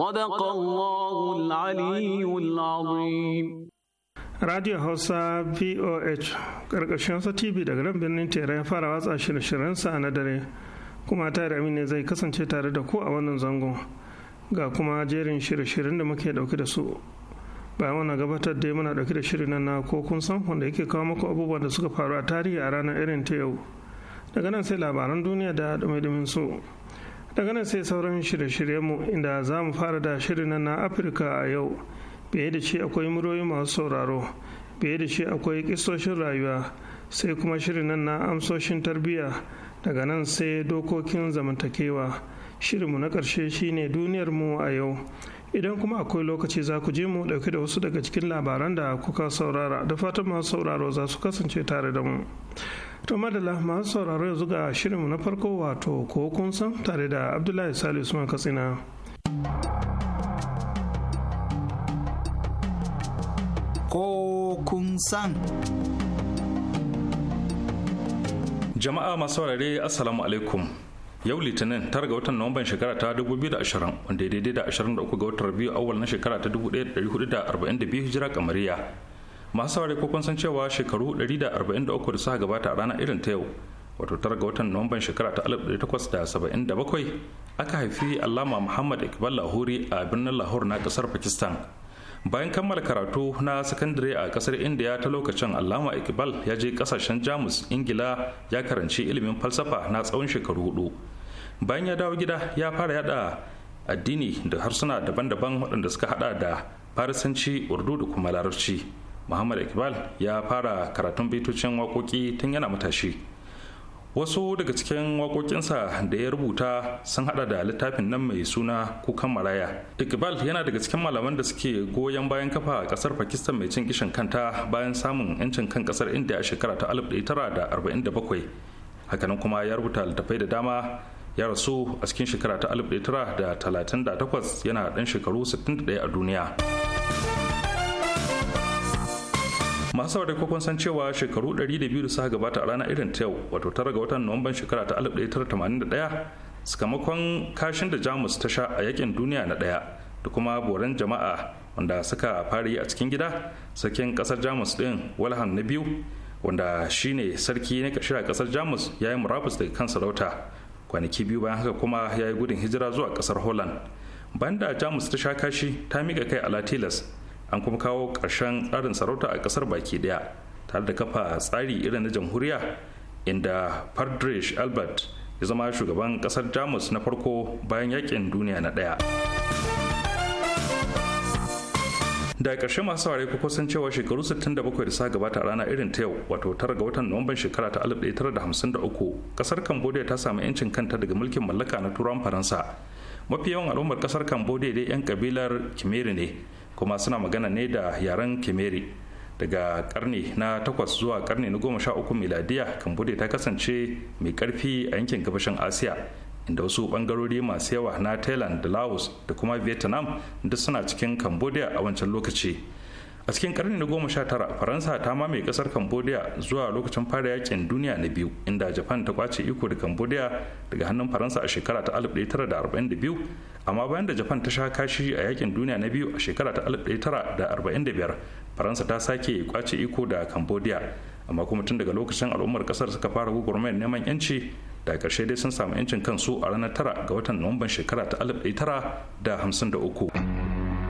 صدق الله العلي العظيم Radio Hausa VOH ƙarƙashin sa TV daga nan birnin Tera ya fara watsa shirye shiryen sa na dare kuma tare ne zai kasance tare da ku a wannan zango ga kuma jerin shirye-shiryen da muke ɗauke da su bayan wannan gabatar da muna ɗauke da shirin nan na ko kun san wanda yake kawo muku abubuwan da suka faru a tarihi a ranar irin ta yau daga nan sai labaran duniya da dumi su. daga nan sai sauran shirye-shiryenmu inda za mu fara da shirin na afirka a yau biye da shi akwai muryoyi masu sauraro biye da shi akwai kisoshin rayuwa sai kuma shirin na amsoshin tarbiyya daga nan sai dokokin zamantakewa shirinmu na ƙarshe shine mu a yau idan kuma akwai lokaci za ku je mu ɗauke da wasu daga cikin labaran da kuka saurara da fatan masu sauraro za su kasance tare da mu To madalla masu sauraro yanzu ga shirinmu na farko wato ko kun san tare da Abdullahi sali Usman Katsina. Ko kun san. Jama'a masu saurare Assalamu alaikum. yau litinin tara ga watan nuwamban shekara ta 2020 wanda daidai da 23 ga watan biyu awal na shekara ta 1442 hijira kamariya masu saurari ko kun san cewa shekaru 143 da suka gabata a ranar irin ta yau wato tara ga watan nuwamban shekara ta 1877 aka haifi allama muhammad iqbal lahori a birnin lahore na kasar pakistan bayan kammala karatu na sakandare a kasar india ta lokacin allama iqbal ya je kasashen jamus ingila ya karanci ilimin falsafa na tsawon shekaru hudu bayan ya dawo gida ya fara yada addini da harsuna daban-daban waɗanda suka hada da farisanci urdu da kuma larabci muhammad iqbal ya fara karatun bitocin waƙoƙi tun yana matashi wasu daga cikin waƙoƙinsa da ya rubuta sun hada da littafin nan mai suna kukan maraya iqbal yana daga cikin malaman da suke goyon bayan kafa a ƙasar pakistan mai cin kishin kanta bayan samun 'yancin kan kasar india a shekara ta 1947 hakanan kuma ya rubuta littafai da dama ya rasu a cikin shekara ta 1938 yana ɗan shekaru 61 a duniya. masu saurari ko kun san cewa shekaru 200 da suka gabata a ranar irin ta yau wato tara ga watan nuwamban shekara ta 1981 sakamakon kashin da jamus ta sha a yakin duniya na daya da kuma boran jama'a wanda suka fara yi a cikin gida sarkin kasar jamus din walhan na biyu wanda shine sarki na kashira kasar jamus ya yi murabus daga kan sarauta kwanaki biyu bayan haka kuma ya yi gudun hijira zuwa kasar holland banda jamus ta sha kashi ta miƙa kai a latilas an kuma kawo ƙarshen tsarin sarauta a ƙasar baki ɗaya tare da kafa tsari irin na jamhuriya inda fardrish albert ya zama shugaban ƙasar jamus na farko bayan yakin duniya na ɗaya da ƙarshe masu saurari ku kusan cewa shekaru 67 da sa gabata a rana irin ta yau wato tara ga watan nuwamban shekara ta 1953 kasar cambodia ta samu 'yancin kanta daga mulkin mallaka na turan faransa mafi yawan al'ummar kasar cambodia dai 'yan kabilar kimeri ne kuma suna magana ne da yaren kimeri daga karni na takwas zuwa karni na goma sha uku miladiya cambodia ta kasance mai karfi a yankin gabashin asiya inda wasu bangarori masu yawa na thailand da laos da kuma vietnam duk suna cikin cambodia a wancan lokaci a cikin karni na goma sha tara faransa ta mamaye kasar cambodia zuwa lokacin fara yakin duniya na biyu inda japan ta kwace iko da cambodia daga hannun faransa a shekara ta 1942 amma bayan da japan ta sha kashi a yakin duniya na biyu a shekara ta 1945 faransa ta sake kwace iko da cambodia amma kuma tun daga lokacin al'ummar kasar suka fara gugurmayar neman yanci da karshe dai sun samu yancin kansu a ranar tara ga watan nuwamban shekara ta 1953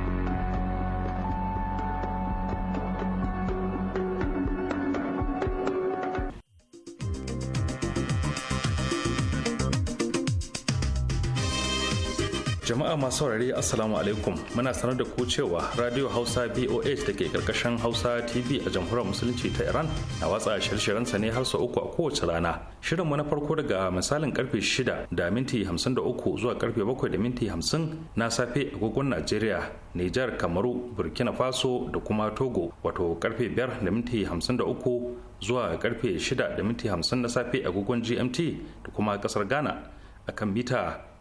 jama'a masu saurari assalamu alaikum muna sanar da ku cewa radio hausa boh da ke karkashin hausa tv a jamhuriyar musulunci ta iran na watsa shirye sa ne har sau uku a kowace rana shirin mu na farko daga misalin karfe 6 da minti 53 zuwa karfe 7 da minti 50 na safe agogon najeriya nijar kamaru burkina faso da kuma togo wato karfe 5 da minti 53 zuwa karfe 6 da minti 50 na safe agogon gmt da kuma kasar ghana akan mita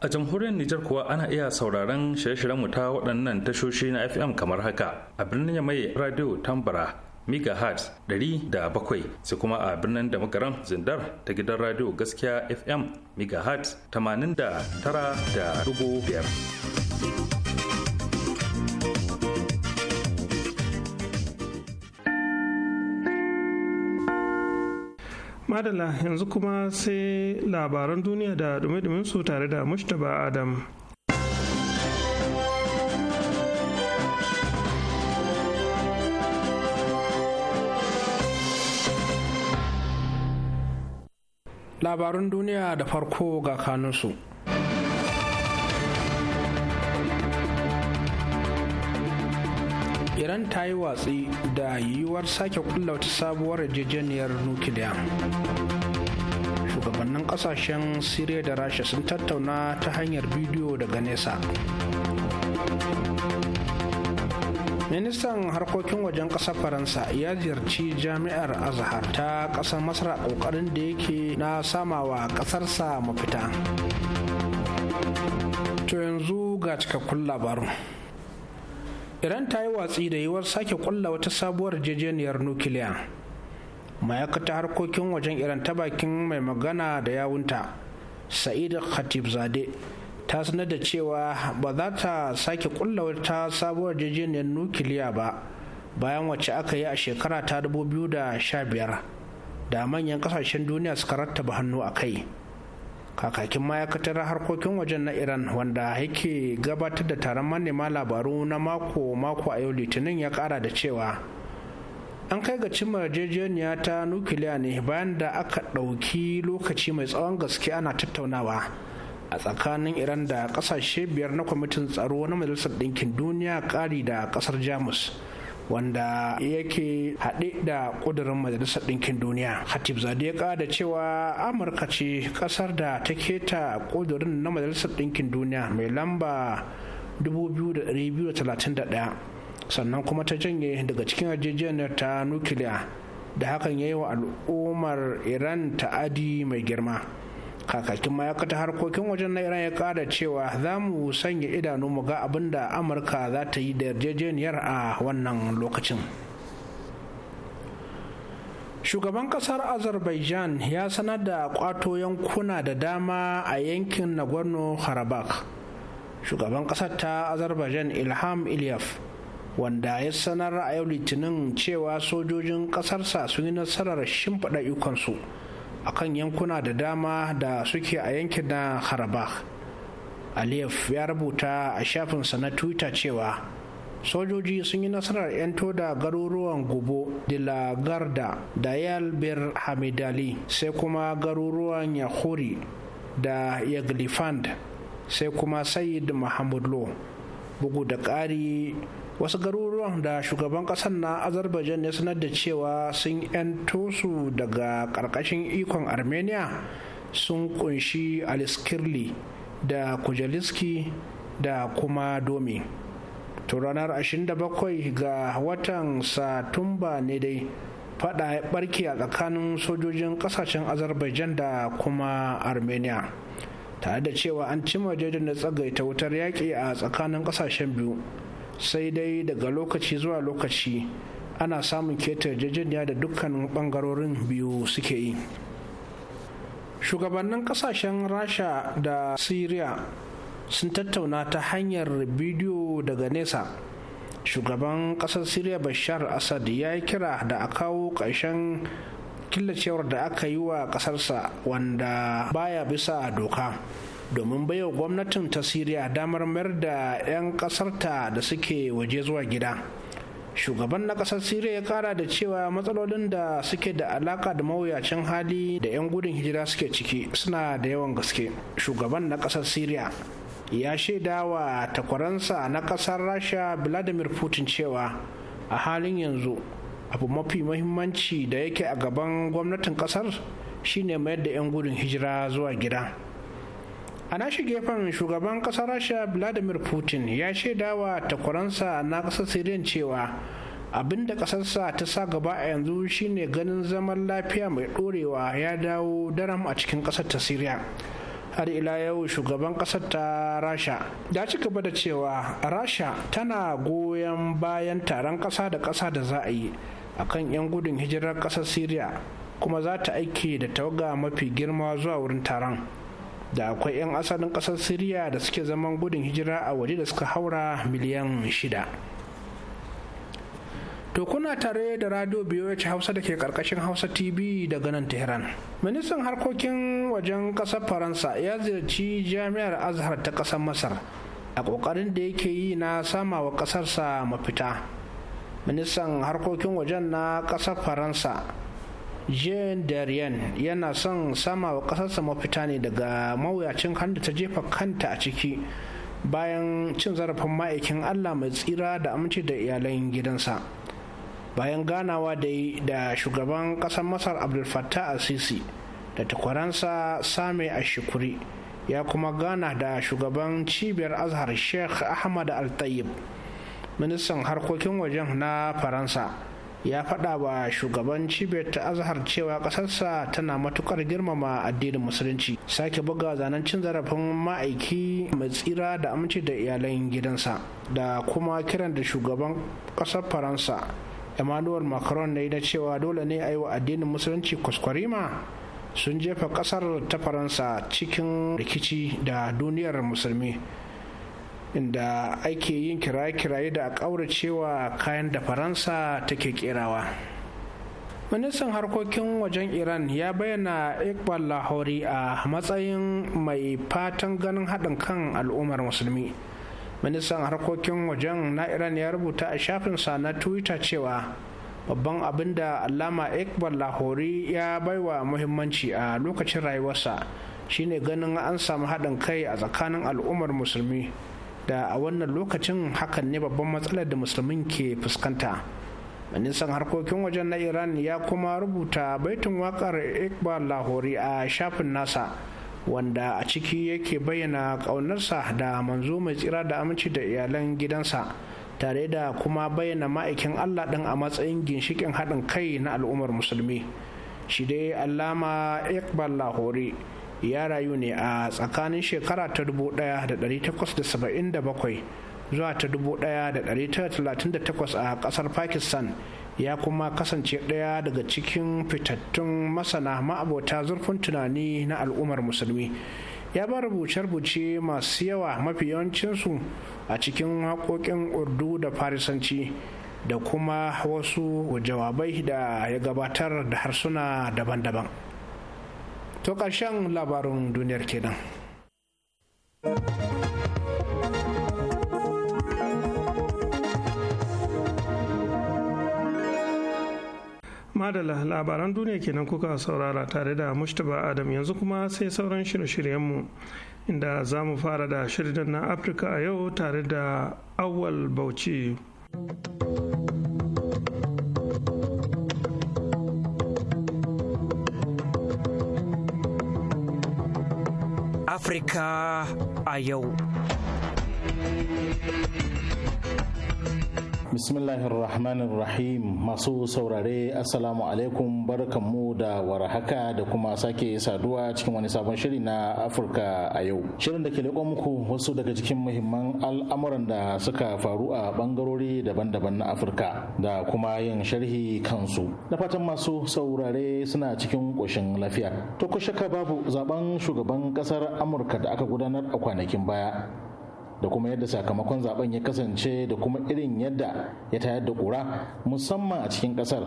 a jamhuriyar Nijar kuwa ana iya sauraron shirye-shiryen mu ta waɗannan tashoshi na FM kamar haka a birnin mai radio Tambara ɗari da bakwai sai kuma a birnin da makaran zindar ta gidan radio gaskiya fm megahertz 89.5 madala yanzu kuma sai labaran duniya da dumi su tare da mushtaba adam labarun duniya da farko ga kanunsu iran ta yi watsi da yiwuwar sake kulla wata sabuwar yarjejeniyar nukiliya shugabannin kasashen siriya da rasha sun tattauna ta hanyar bidiyo daga nesa ministan harkokin wajen ƙasar faransa ya ziyarci jami'ar azhar ta ƙasar masar ƙoƙarin da yake na samawa ƙasarsa mafita to yanzu ga cikakkun labarun. iran ta yi watsi da yiwuwar sake kulla wata sabuwar jejeniyar nukiliya ma'aikata harkokin wajen iran ta bakin mai magana da yawunta sa'id khatib zade ta sanar da cewa ba za ta sake kulla wata sabuwar jejeniyar nukiliya ba bayan wacce aka yi a shekara ta 2015 da manyan kasashen duniya suka rattaba hannu a kai kakakin ma'aikatar harkokin wajen na iran wanda yake gabatar da taron manema labaru na mako-mako a yau litinin ya kara da cewa an kai ga cimma yarjejeniya ta nukiliya ne bayan da aka ɗauki lokaci mai tsawon gaske ana tattaunawa a tsakanin iran da ƙasashe biyar na kwamitin tsaro na majalisar ɗinkin duniya ƙari da ƙasar jamus wanda yake haɗe da ƙudurin majalisar ɗinkin duniya hatib zade ya ƙada cewa amurka ce ƙasar da ta keta ƙudurin na majalisar ɗinkin duniya mai lamba 2231 sannan kuma ta janye daga cikin yarjejeniyar ta nukiliya da hakan ya yi wa al'ummar iran ta'adi mai girma kakakin ma'aikatar harkokin wajen na iran ya kara cewa za mu sanya idanu mu ga abin da amurka za ta yi da yarjejeniyar a wannan lokacin shugaban kasar azerbaijan ya sanar da kwato yankuna da dama a yankin nagorno karabakh shugaban kasar ta azerbaijan ilham iliyev wanda ya sanar a yau litinin cewa sojojin kasarsa sun yi nasarar shimfiɗa ikonsu a kan yankuna da dama da suke a yankin na harabakh aliyev ya rubuta a shafinsa na twitter cewa sojoji sun yi nasarar 'yanto da garuruwan de la dilagarda da yalbir hamidali sai kuma garuruwan yahuri da yaglifand sai kuma sayid mahamudlo bugu da ƙari wasu garuruwan da shugaban kasar na azerbaijan ya sanar da cewa sun 'yanto su daga karkashin ikon armenia sun kunshi aliskirli da kujaliski da kuma domi to ranar 27 ga watan satumba ne dai fada ya barke a tsakanin sojojin kasashen azerbaijan da kuma armenia tare da cewa an cimma jejin da tsagaita wutar yaƙi a tsakanin kasashen biyu sai dai daga lokaci zuwa lokaci ana samun ketar yarjejeniya da dukkan bangarorin biyu suke yi shugabannin kasashen rasha da syria sun tattauna ta hanyar bidiyo daga nesa shugaban kasar syria bashar assad ya yi kira da a kawo ƙarshen killacewar da aka yi wa ƙasarsa wanda baya bisa doka domin baiwa gwamnatin ta siriya damar mayar da 'yan ƙasarta da suke waje zuwa gida shugaban na ƙasar siriya ya kara da cewa matsalolin da suke da alaka da mawuyacin hali da 'yan gudun hijira suke ciki suna da yawan gaske shugaban na ƙasar siriya ya shaidawa wa takwaransa na ƙasar rasha vladimir putin cewa a halin yanzu abu mafi mahimmanci da yake a gaban gwamnatin kasar shine mayar da 'yan gudun hijira zuwa gida a shi gefen shugaban kasar rasha vladimir putin ya shaidawa takwaransa na kasar syrian cewa abin da kasarsa ta sa gaba a yanzu shine ganin zaman lafiya mai dorewa ya dawo daram a cikin kasar ta syria har ila yau shugaban kasar ta rasha ya ci gaba da cewa rasha tana goyon bayan taron kasa da kasa da za a yi a kan 'yan gudun hijirar kasar syria kuma za ta aiki da tawaga mafi girma zuwa wurin taron da akwai 'yan asalin ƙasar siriya da suke zaman gudun hijira a waje da suka haura miliyan shida To kuna tare da radio BOH Hausa da ke karkashin Hausa TV daga nan Tehran. Ministan harkokin wajen ƙasar Faransa ya ziyarci Jami'ar Azhar ta ƙasar Masar a ƙoƙarin da yake yi na sama wa ƙasarsa mafita. Ministan harkokin wajen na ƙasar Faransa jean darien yana son sama wa ƙasarsa mafita ne daga mawuyacin da ta jefa kanta a ciki bayan cin zarafin ma'aikin allah mai tsira da aminci da iyalan gidansa bayan ganawa da da shugaban kasar masar abdul fattah sisi da takwaransa same ashikuri ya kuma gana da shugaban cibiyar azhar sheikh ahmad al-tayyib ministan harkokin wajen na faransa ya faɗa wa shugaban cibiyar ta azhar cewa ƙasarsa tana matuƙar girmama addinin musulunci sake buga zanen cin zarafin ma'aiki mai tsira da aminci da iyalan gidansa da kuma kiran da shugaban ƙasar faransa emmanuel macron ne na cewa dole ne a yi wa addinin musulunci kuskwarima sun jefa ƙasar ta faransa cikin rikici da duniyar musulmi inda ake yin kiraye-kiraye da ƙauracewa kayan da faransa take kerawa ministan harkokin wajen iran ya bayyana iqbal lahori a matsayin mai fatan ganin haɗin kan al'ummar musulmi ministan harkokin wajen na iran ya rubuta a shafinsa na twitter cewa babban abin da alama iqbal lahori ya baiwa muhimmanci a lokacin rayuwarsa shine ganin an samu haɗin kai a tsakanin al'ummar musulmi da a wannan lokacin hakan ne babban matsalar da musulmin ke fuskanta ministan harkokin wajen na iran ya kuma rubuta baitin wakar iqbal lahori a shafin nasa wanda a ciki yake bayyana ƙaunarsa da manzo mai tsira da aminci da iyalan gidansa tare da kuma bayyana ma'aikin allah ɗin a matsayin ginshikin haɗin kai na al'ummar musulmi shi dai allama iqbal lahori ya rayu ne a tsakanin shekara ta 1877 zuwa ta 1938 a kasar pakistan ya kuma kasance ɗaya daga cikin fitattun masana ma'abota zurfin tunani na al'ummar musulmi ya ba rubuce-rubuce masu yawa mafi yawancinsu a cikin haƙoƙin urdu da farisanci da kuma wasu jawabai da ya gabatar da harsuna daban-daban. to ƙarshen labarin duniyar kenan. madala labaran duniya kenan kuka saurara tare da mustapha adam yanzu kuma sai sauran shirye-shiryenmu inda za mu fara da shirin na afirka a yau tare da awal bauchi Afrika a yau. Bismillahirrahmanirrahim masu saurare assalamu alaikum barkanmu da warhaka da kuma sake saduwa cikin wani sabon shiri na Afirka a yau. Shirin da ke leƙo muku wasu daga cikin muhimman al'amuran da suka faru a bangarori daban-daban na Afirka da kuma yin sharhi kansu. na fatan masu saurare suna cikin ƙoshin lafiya. To ku shaka babu zaben shugaban ƙasar Amurka da aka gudanar a kwanakin baya da kuma yadda sakamakon zaben ya kasance da kuma irin yadda ya tayar da kura musamman a cikin kasar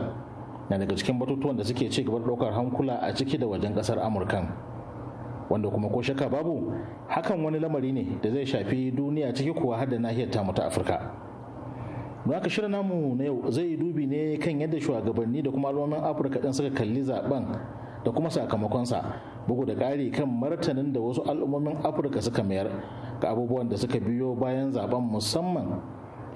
na daga cikin batutuwan da suke ci gaba ɗaukar hankula a ciki da wajen kasar amurkan wanda kuma ko shaka babu hakan wani lamari ne da zai shafi duniya ciki kuwa har da nahiyar tamu ta afirka don ka shirin namu na yau zai yi dubi ne kan yadda shugabanni da kuma al'ummomin afirka ɗin suka kalli zaben da kuma sakamakonsa bugu da ƙari kan martanin da wasu al'ummomin afirka suka mayar ga abubuwan da suka biyo bayan zaben musamman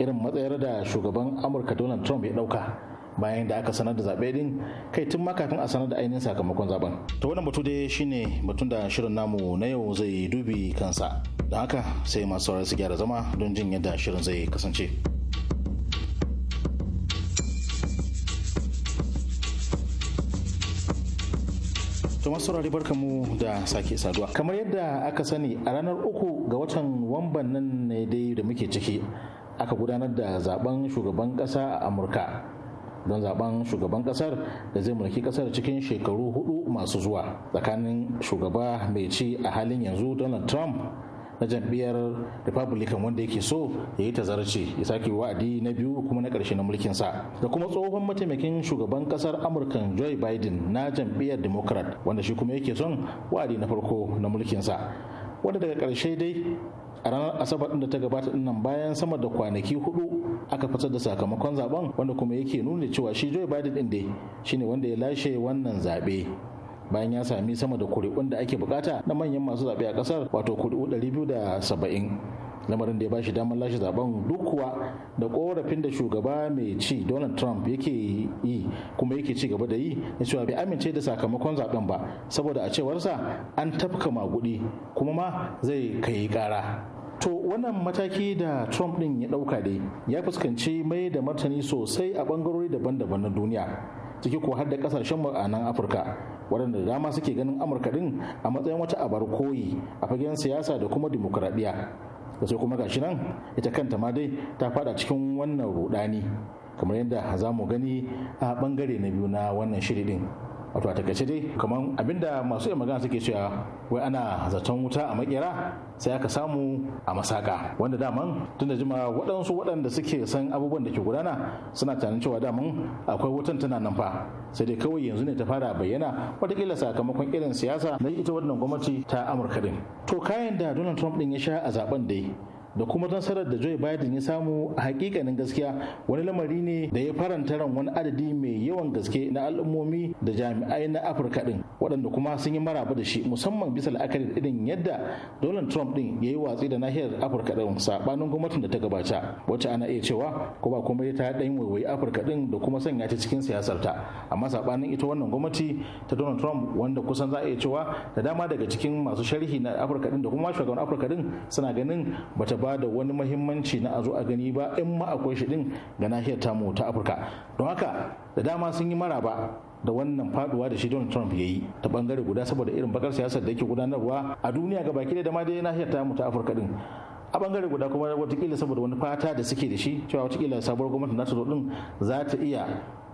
irin matsayar da shugaban amurka donald trump ya ɗauka bayan da aka sanar da zaɓe din kai tun makafin a sanar da ainihin sakamakon zaben to wannan batu dai shine batun da shirin namu na yau zai dubi kansa don haka sai masu saurari su gyara zama don jin yadda shirin zai kasance. Tuma saurari barka mu da sake saduwa. Kamar yadda aka sani a ranar uku ga watan Wamban nan ne dai da muke ciki aka gudanar da zaben shugaban kasa a Amurka. don zaben shugaban kasar da zai mulki kasar cikin shekaru hudu masu zuwa tsakanin shugaba mai ci a halin yanzu donald trump na jam'iyyar republican wanda yake so ya yi tazarce ya sake wa'adi na biyu kuma na karshe na mulkin sa da kuma tsohon mataimakin shugaban kasar amurka joe biden na jam'iyyar democrat wanda shi kuma yake son wa'adi na farko na mulkin sa. wanda daga karshe dai a ranar asabar da ta gabata dinnan bayan sama da kwanaki hudu aka fitar da sakamakon zaben wanda kuma yake nuna cewa shi joe biden din dai shine wanda ya lashe wannan zaɓe bayan ya sami sama da kuri'un da ake bukata na manyan masu zaɓe a ƙasar wato kuri'u 270 lamarin da ya bashi damar lashe zaben duk kuwa da korafin da shugaba mai ci donald trump yake yi kuma yake ci gaba da yi na cewa bai amince da sakamakon zaben ba saboda a cewarsa an tafka magudi kuma ma zai kai kara to wannan mataki da trump din ya dauka dai ya fuskanci mai da martani sosai a bangarori daban-daban na duniya ciki ko har da kasashen mu a nan afirka waɗanda dama suke ganin amurka din a matsayin wata abar koyi a fagen siyasa da kuma dimokuraɗiyya da sai kuma gashi nan ita kanta ma dai ta fada cikin wannan rudani kamar yadda za mu gani a bangare na biyu na wannan shiri din wato a takaice dai kamar abinda masu iya magana suke cewa wai ana zaton wuta a makera sai aka samu a masaka wanda daman tun da jima waɗansu waɗanda suke san abubuwan da ke gudana suna tunanin cewa daman akwai wutan tana nan fa sai dai kawai yanzu ne ta fara bayyana wataƙila sakamakon irin siyasa na ita wannan gwamnati ta amurka din to kayan da donald trump din ya sha a zaben dai da kuma nasarar da Joe Biden ya samu a hakikanin gaskiya wani lamari ne da ya faranta ran wani adadi mai yawan gaske na al'ummomi da jami'ai na Afirka din waɗanda kuma sun yi maraba da shi musamman bisa la'akari da irin yadda Donald Trump din ya yi watsi da nahiyar Afirka din sabanin gwamnatin da ta gabata wacce ana iya cewa ko ba kuma ta yin waiwayi Afirka din da kuma sanya ta cikin siyasar ta amma sabanin ita wannan gwamnati ta Donald Trump wanda kusan za a iya cewa da dama daga cikin masu sharhi na Afirka din da kuma shugaban Afirka din suna ganin bata ba da wani mahimmanci na a zo a gani ba in ma akwai shi din ga nahiyar tamu ta afirka don haka da dama sun yi maraba da wannan faduwa da shi Donald Trump ya yi ta bangare guda saboda irin bakar siyasar da yake gudanarwa a duniya ga baki da ma dai nahiyar tamu ta afirka din a bangare guda kuma watakila saboda wani fata da suke da shi cewa watakila sabuwar gwamnati na zo din za ta iya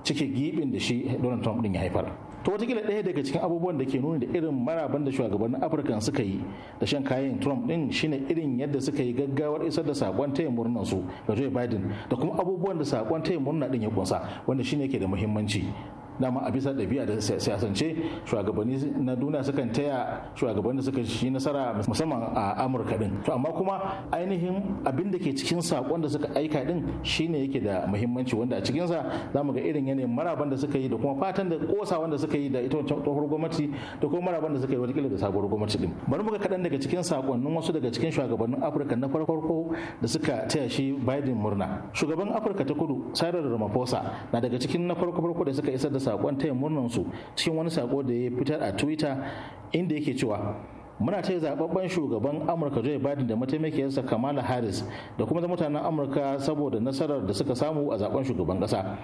cike gibin da shi Donald Trump din ya haifar. to watakila ɗaya daga cikin abubuwan da ke nuni da irin maraban da shugabannin afirka suka yi da shan kayan trump ɗin shine irin yadda suka yi gaggawar isar da sakon taya murnar su ga joe biden da kuma abubuwan da sakon taya murna ɗin ya kunsa wanda shine ke da muhimmanci dama a bisa ɗabi'a da siyasance shugabanni na duniya sukan taya shugabanni suka shi nasara musamman a amurka din to amma kuma ainihin abin da ke cikin sakon da suka aika din shine yake da muhimmanci wanda a cikinsa za mu ga irin yanayin maraban da suka yi da kuma fatan da kosa wanda suka yi da ita wancan tsohuwar gwamnati da kuma maraban da suka yi watakila da sabuwar gwamnati din bari mu ga kaɗan daga cikin sakonnin wasu daga cikin shugabannin afirka na farko da suka taya shi biden murna shugaban afirka ta kudu sarar ramaphosa na daga cikin na farko farko da suka isar da saƙon taya su cikin wani saƙo da ya fitar a twitter inda yake cewa muna taya zababben shugaban amurka joe biden da mataimakiyarsa kamala harris da kuma mutanen amurka saboda nasarar da suka samu a zaɓen shugaban ƙasa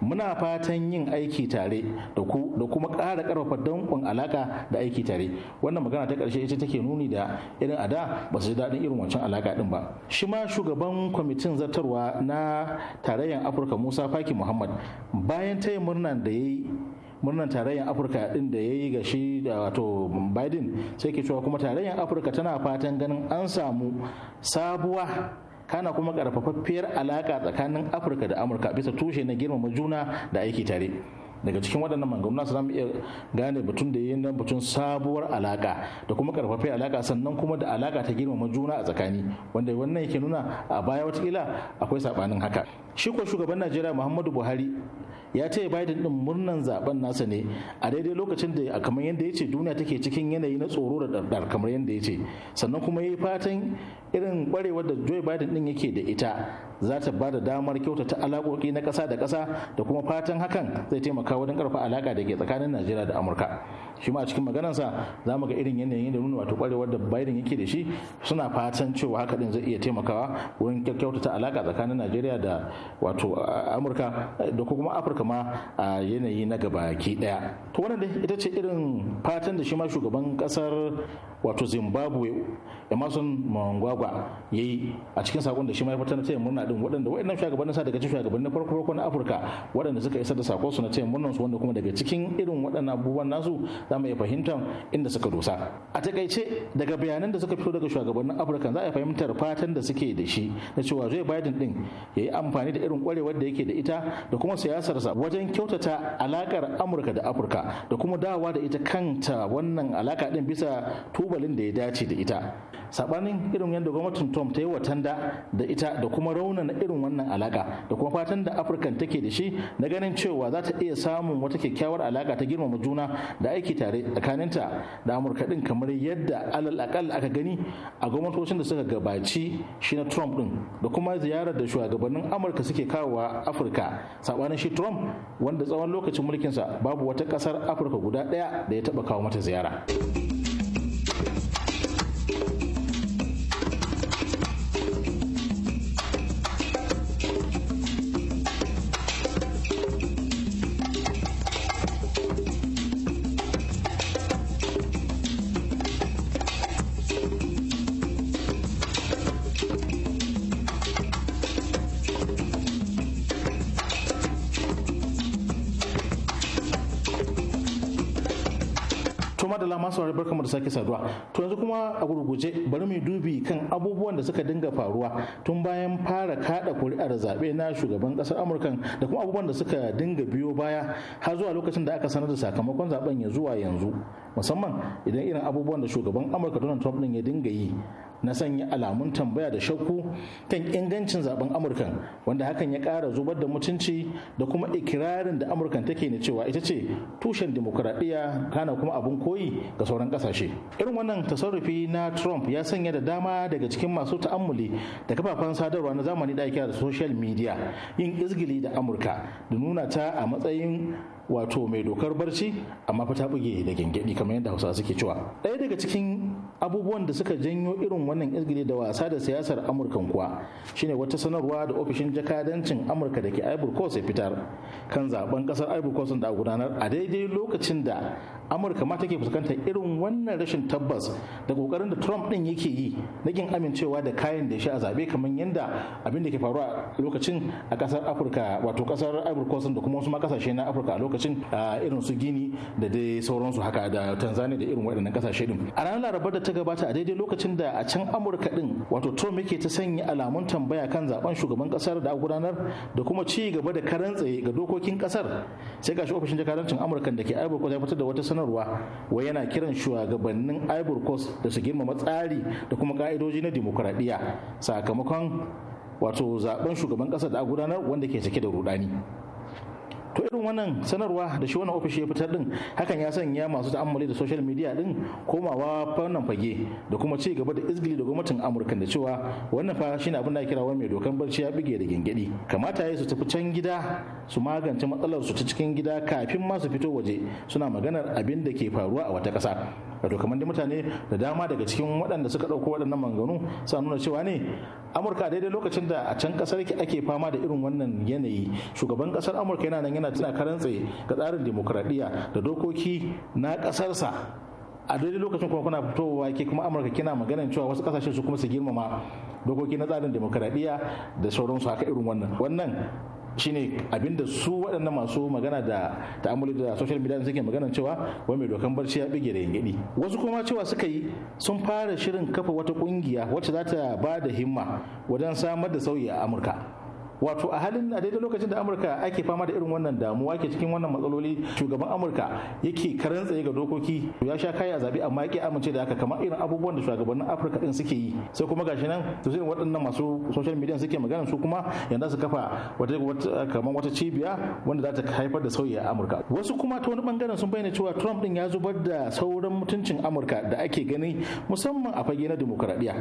muna fatan yin aiki tare da kuma ƙara ƙarfafa danƙon alaƙa da aiki tare wannan magana ta ƙarshe ita take nuni da irin ada ba su ji daɗin irin wancan alaka ɗin ba shi ma shugaban kwamitin zartarwa na tarayyar afirka musa faki muhammad bayan ta yi murnan da ya yi murnan tarayyar afirka din da ya yi ga shi da wato biden sai ke cewa kuma tarayyar afirka tana fatan ganin an samu sabuwa kana kuma karfafaffiyar alaka tsakanin afirka da amurka bisa tushe na girmama juna da aiki tare daga cikin waɗannan maganganu nasu za iya gane batun da yi nan batun sabuwar alaƙa da kuma karfafe alaka sannan kuma da alaka ta girmama juna a tsakani wanda wannan yake nuna a baya watakila akwai saɓanin haka shi ko shugaban najeriya muhammadu buhari ya ce biden din murnan zaben nasa ne a daidai lokacin da kamar yadda ya ce duniya take cikin yanayi na tsoro da dardar kamar yadda ya ce sannan kuma ya yi fatan irin kwarewar da joe biden din yake da ita za ta ba da damar kyauta ta alaƙoƙi na ƙasa da ƙasa da kuma fatan hakan zai taimaka wajen ƙarfa alaƙa da ke tsakanin najeriya da amurka shi ma a cikin maganarsa za mu ga irin yanayin da nuna wato kwarewar da Biden yake da shi suna fatan cewa haka din zai iya taimakawa wurin kyakkyautata alaka tsakanin Najeriya da wato Amurka da kuma Afirka ma a yanayi na gaba ki daya to wannan dai ita ce irin fatan da shi ma shugaban kasar wato Zimbabwe Emerson Mnangagwa yayi a cikin sakon da shi ma ya fitar na taya murna din waɗanda waɗannan shugabannin sa daga cikin shugabannin na farko farko na Afirka waɗanda suka isar da sakon su na taya murnan su wanda kuma daga cikin irin waɗannan abubuwan nasu za mu iya fahimtar inda suka dosa a takaice daga bayanan da suka fito daga shugabannin afirka za a fahimtar fatan da suke da shi na cewa joe biden din ya yi amfani da irin kwarewar da yake da ita da kuma siyasarsa wajen kyautata alakar amurka da afirka da kuma dawa da ita kanta wannan alaka din bisa tubalin da ya dace da ita sabanin irin yadda gwamnatin Trump ta yi watanda da ita da kuma na irin wannan alaka da kuma fatan da afirka take da shi na ganin cewa za ta iya samun wata kyakkyawar alaka ta girmama juna da aiki tare tsakaninta da Amurka din kamar yadda alal akal aka gani a gwamnatocin da suka gabaci shi na Trump din da kuma ziyarar da shugabannin Amurka suke kawowa Afirka sabanin shi Trump wanda tsawon lokacin mulkinsa babu wata kasar Afirka guda ɗaya da ya taɓa kawo mata ziyara. sake saduwa to yanzu kuma a gurguje bari mu dubi kan abubuwan da suka dinga faruwa tun bayan fara kada kuri'ar zaɓe na shugaban ƙasar amurka da kuma abubuwan da suka dinga biyo baya har zuwa lokacin da aka sanar da sakamakon zaben ya zuwa yanzu musamman idan irin abubuwan da shugaban amurka donald trump din ya dinga yi na sanya alamun tambaya da shakku kan ingancin zaben amurkan wanda hakan ya kara zubar da mutunci da kuma ikirarin da amurka take ne cewa ita ce tushen demokuraɗiyya kana kuma abun koyi ga sauran ƙasashe irin wannan tasarrufi na trump ya sanya da dama daga cikin masu ta'ammuli da kafafen sadarwa na zamani da da social media yin izgili da amurka da nuna ta a matsayin wato mai dokar barci amma fa ta buge da gengedi kamar yadda hausa suke cewa ɗaya daga cikin abubuwan da suka janyo irin wannan izgiri da wasa da siyasar amurkan kuwa shine wata sanarwa da ofishin jakadancin amurka da ke ivory coast ya fitar kan zaben kasar ivory coast da gudanar a daidai lokacin da amurka ma take fuskantar irin wannan rashin tabbas da kokarin da trump din yake yi na kin amincewa da kayan da shi a zabe kamar yadda abin da ke faruwa a lokacin a kasar afirka wato kasar ivory coast da kuma wasu kasashe na afirka a lokacin irin su gini da dai sauransu haka da tanzania da irin waɗannan kasashe din a ranar larabar da ta gabata a daidai lokacin da a can amurka din wato trump yake ta sanya alamun tambaya kan zaben shugaban kasar da gudanar da kuma ci gaba da karan tsaye ga dokokin kasar sai gashi ofishin jakadancin amurka da ke ivory coast ya fitar da wata sanarwa wai yana kiran shugabannin ivory coast da su girmama tsari da kuma ka'idoji na dimokuraɗiyya sakamakon wato zaben shugaban kasar da gudanar wanda ke cike da rudani to irin wannan sanarwa da shi wannan ofishi ya fitar din hakan ya sanya masu ta'ammali da social media din komawa fannin fage da kuma ci gaba da izgili da gwamnatin amurka da cewa wannan fa shine abin da kira mai dokan barci ya bige da gengedi kamata ya su tafi can gida su magance matsalar su ta cikin gida kafin ma su fito waje suna maganar abin da ke faruwa a wata ƙasa wato kamar da mutane da dama daga cikin waɗanda suka ɗauko waɗannan manganu sa nuna cewa ne amurka daidai lokacin da a can kasar ake fama da irin wannan yanayi shugaban kasar amurka yana nan yana tuna karantse ga tsarin demokradiyya da dokoki na kasarsa a daidai lokacin kuma kuna fitowa ke kuma amurka kina maganan cewa wasu kasashe su kuma su girmama dokoki na tsarin demokradiyya da sauransu haka irin wannan wannan shine abinda su waɗannan masu magana da ta'amuli da social media suke magana cewa wai mai dokan barci ya bige da yangadi wasu kuma cewa suka yi sun fara shirin kafa wata kungiya wacce za ta ba da himma wajen samar da sauyi a Amurka wato a halin a daidai lokacin da amurka ake fama da irin wannan damuwa ke cikin wannan matsaloli shugaban amurka yake karan tsaye ga dokoki ya sha kai a zabi amma yake amince da haka kamar irin abubuwan da shugabannin afirka din suke yi sai kuma gashi nan to sai waɗannan masu social media suke magana su kuma yanzu su kafa wata kamar wata cibiya wanda za ta haifar da sauyi a amurka wasu kuma ta wani bangaren sun bayyana cewa trump din ya zubar da sauran mutuncin amurka da ake gani musamman a fage na dimokuraɗiyya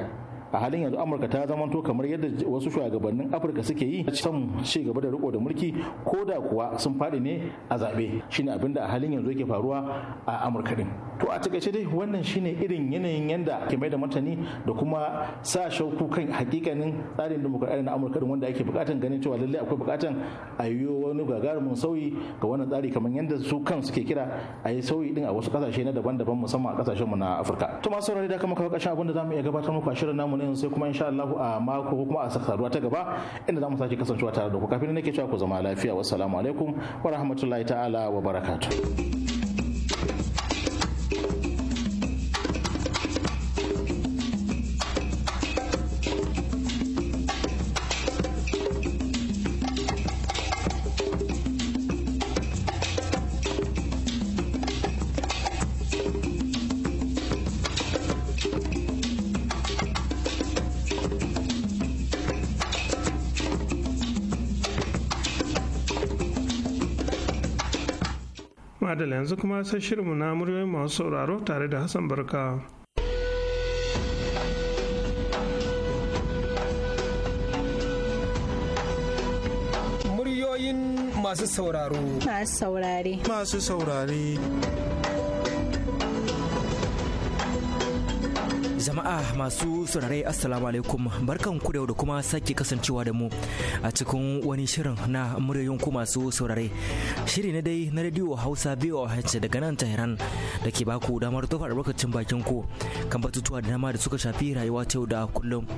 a halin yanzu amurka ta zamanto kamar yadda wasu shugabannin afirka suke yi son ci gaba da riko da mulki ko da kuwa sun faɗi ne a zaɓe shine abinda a halin yanzu yake faruwa a amurka din to a takaice dai wannan shine irin yanayin yanda ke mai da martani da kuma sa shauku kan hakikanin tsarin dimokuraɗiyya na amurka wanda ake bukatan ganin cewa lallai akwai bukatan a yi wani gagarumin sauyi ga wannan tsari kamar yadda su kan suke kira a yi sauyi din a wasu kasashe na daban-daban musamman a mu na afirka to masu saurari da kama kawo kashin abin da zamu iya gabatar muku a shirin namu ne sai kuma insha Allah a mako ko kuma a saduwa ta gaba inda zamu sake kasancewa tare da ku kafin nake cewa ku zama lafiya wassalamu alaikum wa rahmatullahi ta'ala wa barakatuh madala yanzu kuma sai shirinmu na muryoyin masu sauraro tare da hassan barka muryoyin masu sauraro masu saurare masu saurare Jama'a masu saurare Assalamu alaikum barkan ku da kuma sake kasancewa da mu a cikin wani shirin na muryoyin ku masu saurare. Shiri na dai na radio Hausa BOH daga nan Tehran da ke baku damar tofa albarkacin bakin ku kan batutuwa da dama da suka shafi rayuwa ta yau da kullum.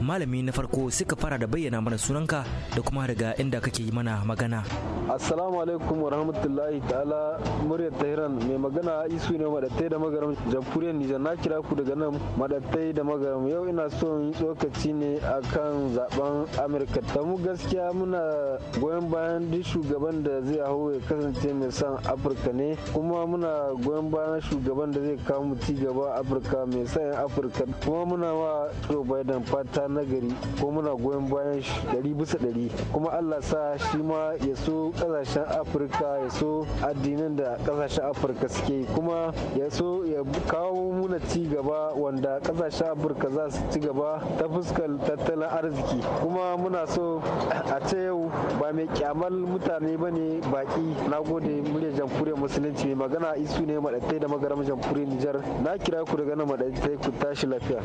Malami na farko suka fara da bayyana mana sunanka da kuma daga inda kake yi mana magana. Assalamu alaikum wa rahmatullahi ta'ala muryar Tehran mai magana isu ne da da magaram jamhuriyar Nijar na kira ku daga nan madattai da magam yau ina son lokaci tsokaci ne kan zaben amurka ta mu gaskiya muna goyon bayan duk shugaban da zai hau ya kasance mai son afirka ne kuma muna goyon bayan shugaban da zai kawo ci gaba afirka mai son afirka kuma muna wa joe biden fata na gari ko muna goyon bayan ɗari bisa dari kuma allah sa shi ma ya so kasashen afirka ya so addinan da kasashen afirka suke kuma ya so ya kawo muna ci gaba wanda da kasashen afirka za su ci gaba ta fuskar tattalin arziki kuma muna so a ce yau ba mai kyamal mutane ba ne baki na gode muryar jamhuriyar musulunci mai magana isu ne maɗaɗai da magaram jamhuriyar nijar na kira ku daga nan maɗaɗai ku tashi lafiya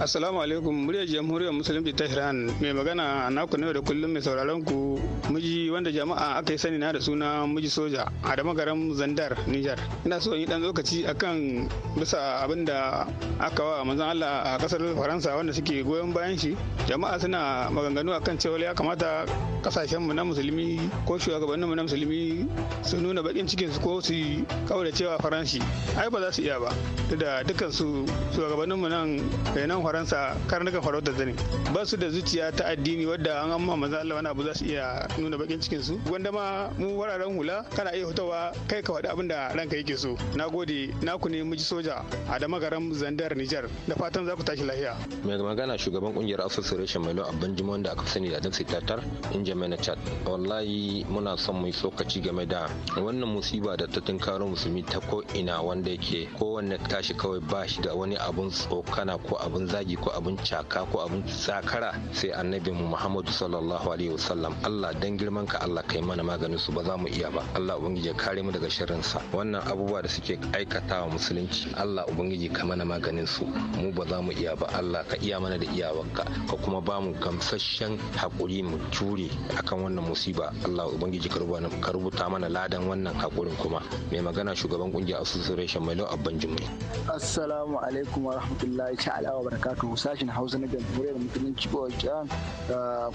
assalamu alaikum muryar jamhuriyar musulunci ta iran mai magana na ku ne da kullum mai sauraron ku miji wanda jama'a aka yi sani na da suna miji soja a da magaram zandar nijar ina so in yi dan lokaci akan bisa abin da aka wa wa manzon Allah a kasar Faransa wanda suke goyon bayan shi jama'a suna maganganu akan cewa ya kamata kasashen mu na musulmi ko shugabannin mu na musulmi su nuna bakin cikin su ko su kaura cewa Faranshi ai ba za su iya ba da dukkan su shugabannin mu nan nan Faransa karnukan farauta zane ba su da zuciya ta addini wadda an amma manzon Allah wani abu za su iya nuna bakin cikin su wanda ma mu wararen hula kana iya hutawa kai ka faɗi abin da ranka yake so nagode naku ne miji soja a da magaran zandar Nijar Da fatan za ku tashi lahiya. Mai magana shugaban kungiyar Association Mailo Abban Jimon da aka sani da Adamsi Tatar in Jamaica Chat. Wallahi muna son mu yi tsokaci game da wannan musiba da ta tunkaro musulmi ta ko ina wanda yake kowanne tashi kawai ba shi da wani abun tsokana ko abun zagi ko abun caka ko abun tsakara sai annabi mu Muhammadu sallallahu alaihi wasallam Allah dan girman ka Allah kai mana maganin su ba za mu iya ba. Allah ubangiji ya kare mu daga shirin sa. Wannan abubuwa da suke aikata wa musulunci Allah ubangiji ka mana maganin su. mu ba za mu iya ba Allah ka iya mana da iyawanka ka kuma ba mu gamsashen haƙuri mu jure akan wannan musiba Allah ubangiji ka rubuta mana ladan wannan haƙurin kuma mai magana shugaban kungiyar association mai lau abban jimri assalamu alaikum wa rahmatullahi ta'ala wa barakatuhu sashin hausa na jamhuriyar mutumin cibiyar jihar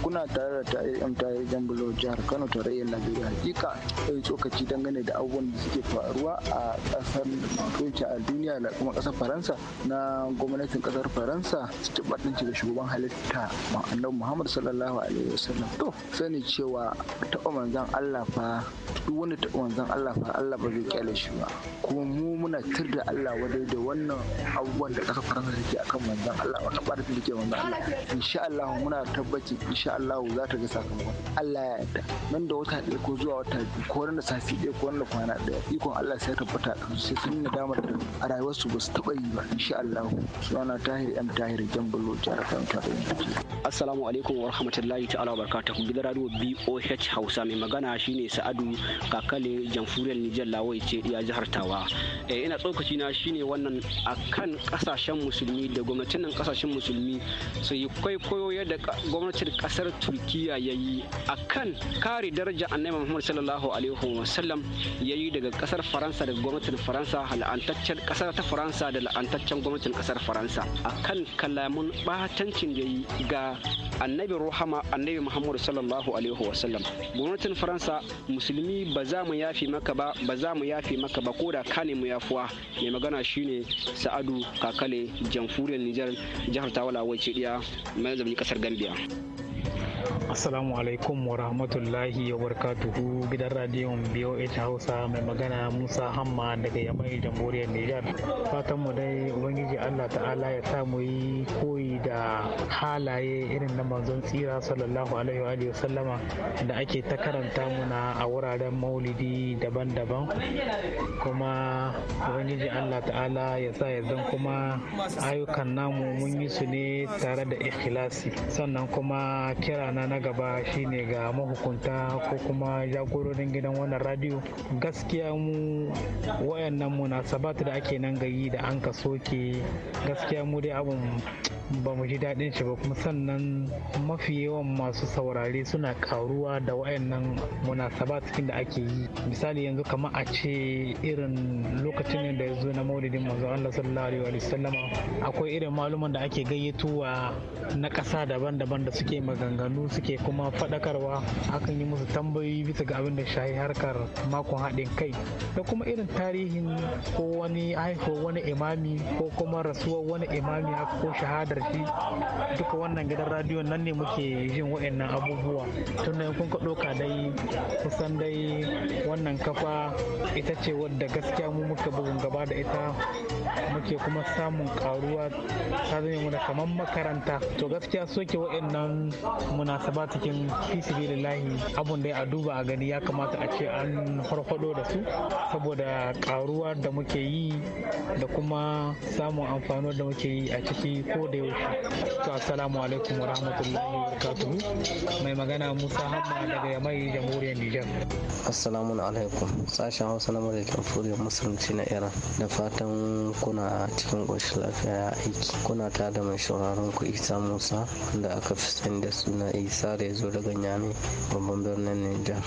kuna tare da ta'ayyam tare jambulo jihar kano tarayyar najeriya hakika sai tsokaci dangane da abubuwan da suke faruwa a kasar turki a duniya da kuma kasar faransa na shugaban gwamnatin kasar faransa cikin ci da shugaban halitta ma'anar muhammad sallallahu alaihi wasallam to sani cewa taɓa manzan allah fa duk wani taɓa manzan allah fa allah ba zai kyale shi ba kuma mu muna tir da allah wadai da wannan abubuwan da kasar faransa take akan manzan allah wannan ɓatan da ke manzan allah insha allah muna tabbaci insha allah za ta ga sakamakon allah ya yarda nan da wata ɗaya ko zuwa wata biyu ko wani da safi ɗaya ko wani da kwana ɗaya ikon allah sai ya tabbata sai sun nadamar da a rayuwarsu ba su taɓa yi ba insha allah suna tahir m tahir jambalo jihar kanta da yanzu assalamu alaikum wa rahmatullahi ta'ala wa barakatuhu gidan radio boh hausa mai magana shine sa'adu kakale jamfuriyar nijar lawai ce iya jihar tawa eh, ina tsokaci na shine wannan akan kasashen musulmi da gwamnatin kasashen musulmi su yi kwaikwayo yadda gwamnatin kasar turkiya ya yi akan kare daraja annabi muhammad sallallahu alaihi wa sallam ya yi daga kasar faransa da gwamnatin faransa la'antaccen kasar ta faransa da la'antaccen gwamnatin kasar kasar faransa a kan kalamun batancin ya yi ga annabi rahama annabi muhammadu sallallahu alaihi wasallam gwamnatin faransa musulmi ba za mu yafi maka ba ba za mu yafi maka ba ko da kane mu yafuwa mai magana shine sa'adu kakale jamfuriyar nijar jihar tawala wacce diya mai kasar gambia Assalamu alaikum wa rahmatullahi wa barakatuhu gidan radiyon BOH Hausa mai magana Musa Hamma daga Yamai Jamhuriyar Nijar. Fatan mu dai Ubangiji Allah Ta'ala ya sa mu yi koyi da halaye irin na manzon tsira sallallahu alaihi wa sallama da ake ta karanta muna a wuraren maulidi daban-daban. Kuma Ubangiji Allah Ta'ala ya sa ya zan kuma ayyukan namu mun yi su ne tare da ikhlasi sannan kuma kira rana na gaba shine ga mahukunta ko kuma jagororin gidan wannan radio gaskiya mu wayannan munasabat da ake nan gayi da an ka soke gaskiya mu dai abun ba mu ji daɗin shi ba kuma sannan mafi yawan masu saurare suna karuwa da wayannan munasabat cikin da ake yi misali yanzu kamar a ce irin lokacin da ya zo na maulidin manzo Allah sallallahu alaihi wa sallama akwai irin maluman da ake gayyatuwa na ƙasa daban-daban da suke maganganu suke kuma faɗakarwa akan yi musu tambayoyi bisa ga abin da shahi harkar makon haɗin kai da kuma irin tarihin ko wani haihuwar wani imami ko kuma rasuwar wani imami ko shahadar ƙarfi duka wannan gidan radiyon nan ne muke jin waɗannan abubuwa tun da kun ɗauka dai kusan dai wannan kafa ita ce wadda gaskiya mu muka bugun gaba da ita muke kuma samun karuwa ta zama mana kamar makaranta to gaskiya soke waɗannan munasaba cikin lillahi abun da a duba a gani ya kamata a ce an farfado da su saboda karuwa da muke yi da kuma samun amfanin da muke yi a ciki ko da to assalamu alaikum wa rahmatullahi wa barakatuhu mai magana musa hamma daga yamai jamhuriyar nijar assalamu alaikum sashen hausa na malikin jamhuriyar musulunci na iran da fatan kuna cikin ƙoshin lafiya ya aiki kuna ta da mai shauraron ku isa musa wanda aka fi sani da suna isa da ya zo daga nyame babban birnin Niger.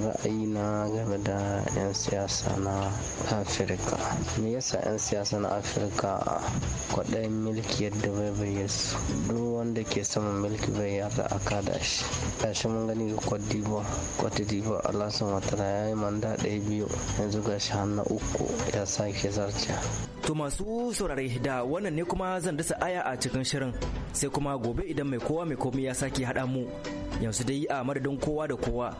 ra'ayi na game da 'yan siyasa na afirka me yasa 'yan siyasa na afirka kwaɗayin milki yadda bai Reyes duk wanda ke saman Milky Way ya a ka da shi gashi mun gani da Cote d'Ivoire Cote d'Ivoire Allah san ya yi manda ɗaya biyu yanzu ga har na uku ya sake zarce To masu saurare da wannan ne kuma zan dasa aya a cikin shirin sai kuma gobe idan mai kowa mai komai ya sake haɗa mu yanzu dai a madadin kowa da kowa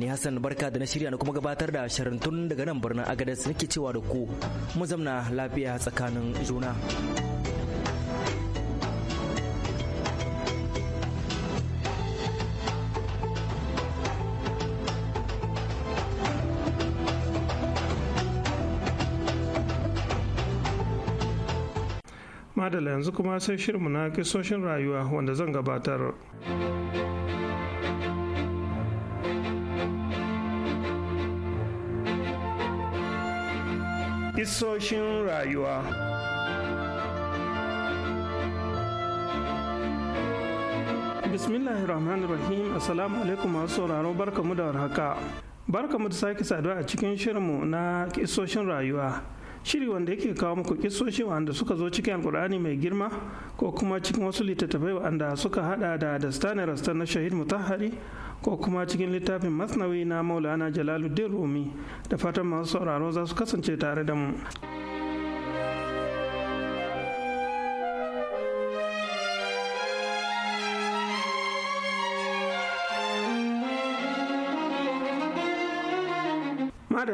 ni Hassan barka da na shirya na kuma gabatar da shirin tun daga nan birnin agadas nake cewa da ku mu zamna lafiya tsakanin juna. madala yanzu kuma sai shirinmu na kisoshin rayuwa wanda zan gabatar. Kisoshin rayuwa rahim, Assalamu alaikum masu sauraro barkamu da warhaka. Barkamu da sake saduwa a cikin shirinmu na kisoshin rayuwa. shiri wanda yake kawo muku kisoshi wanda suka zo cikin alkur'ani mai girma ko kuma cikin wasu littattafai wanda suka hada da dastani rastar na shahid mutahari ko kuma cikin littafin masnawi na maulana jalaluddin rumi da fatan masu sauraro za su kasance tare da mu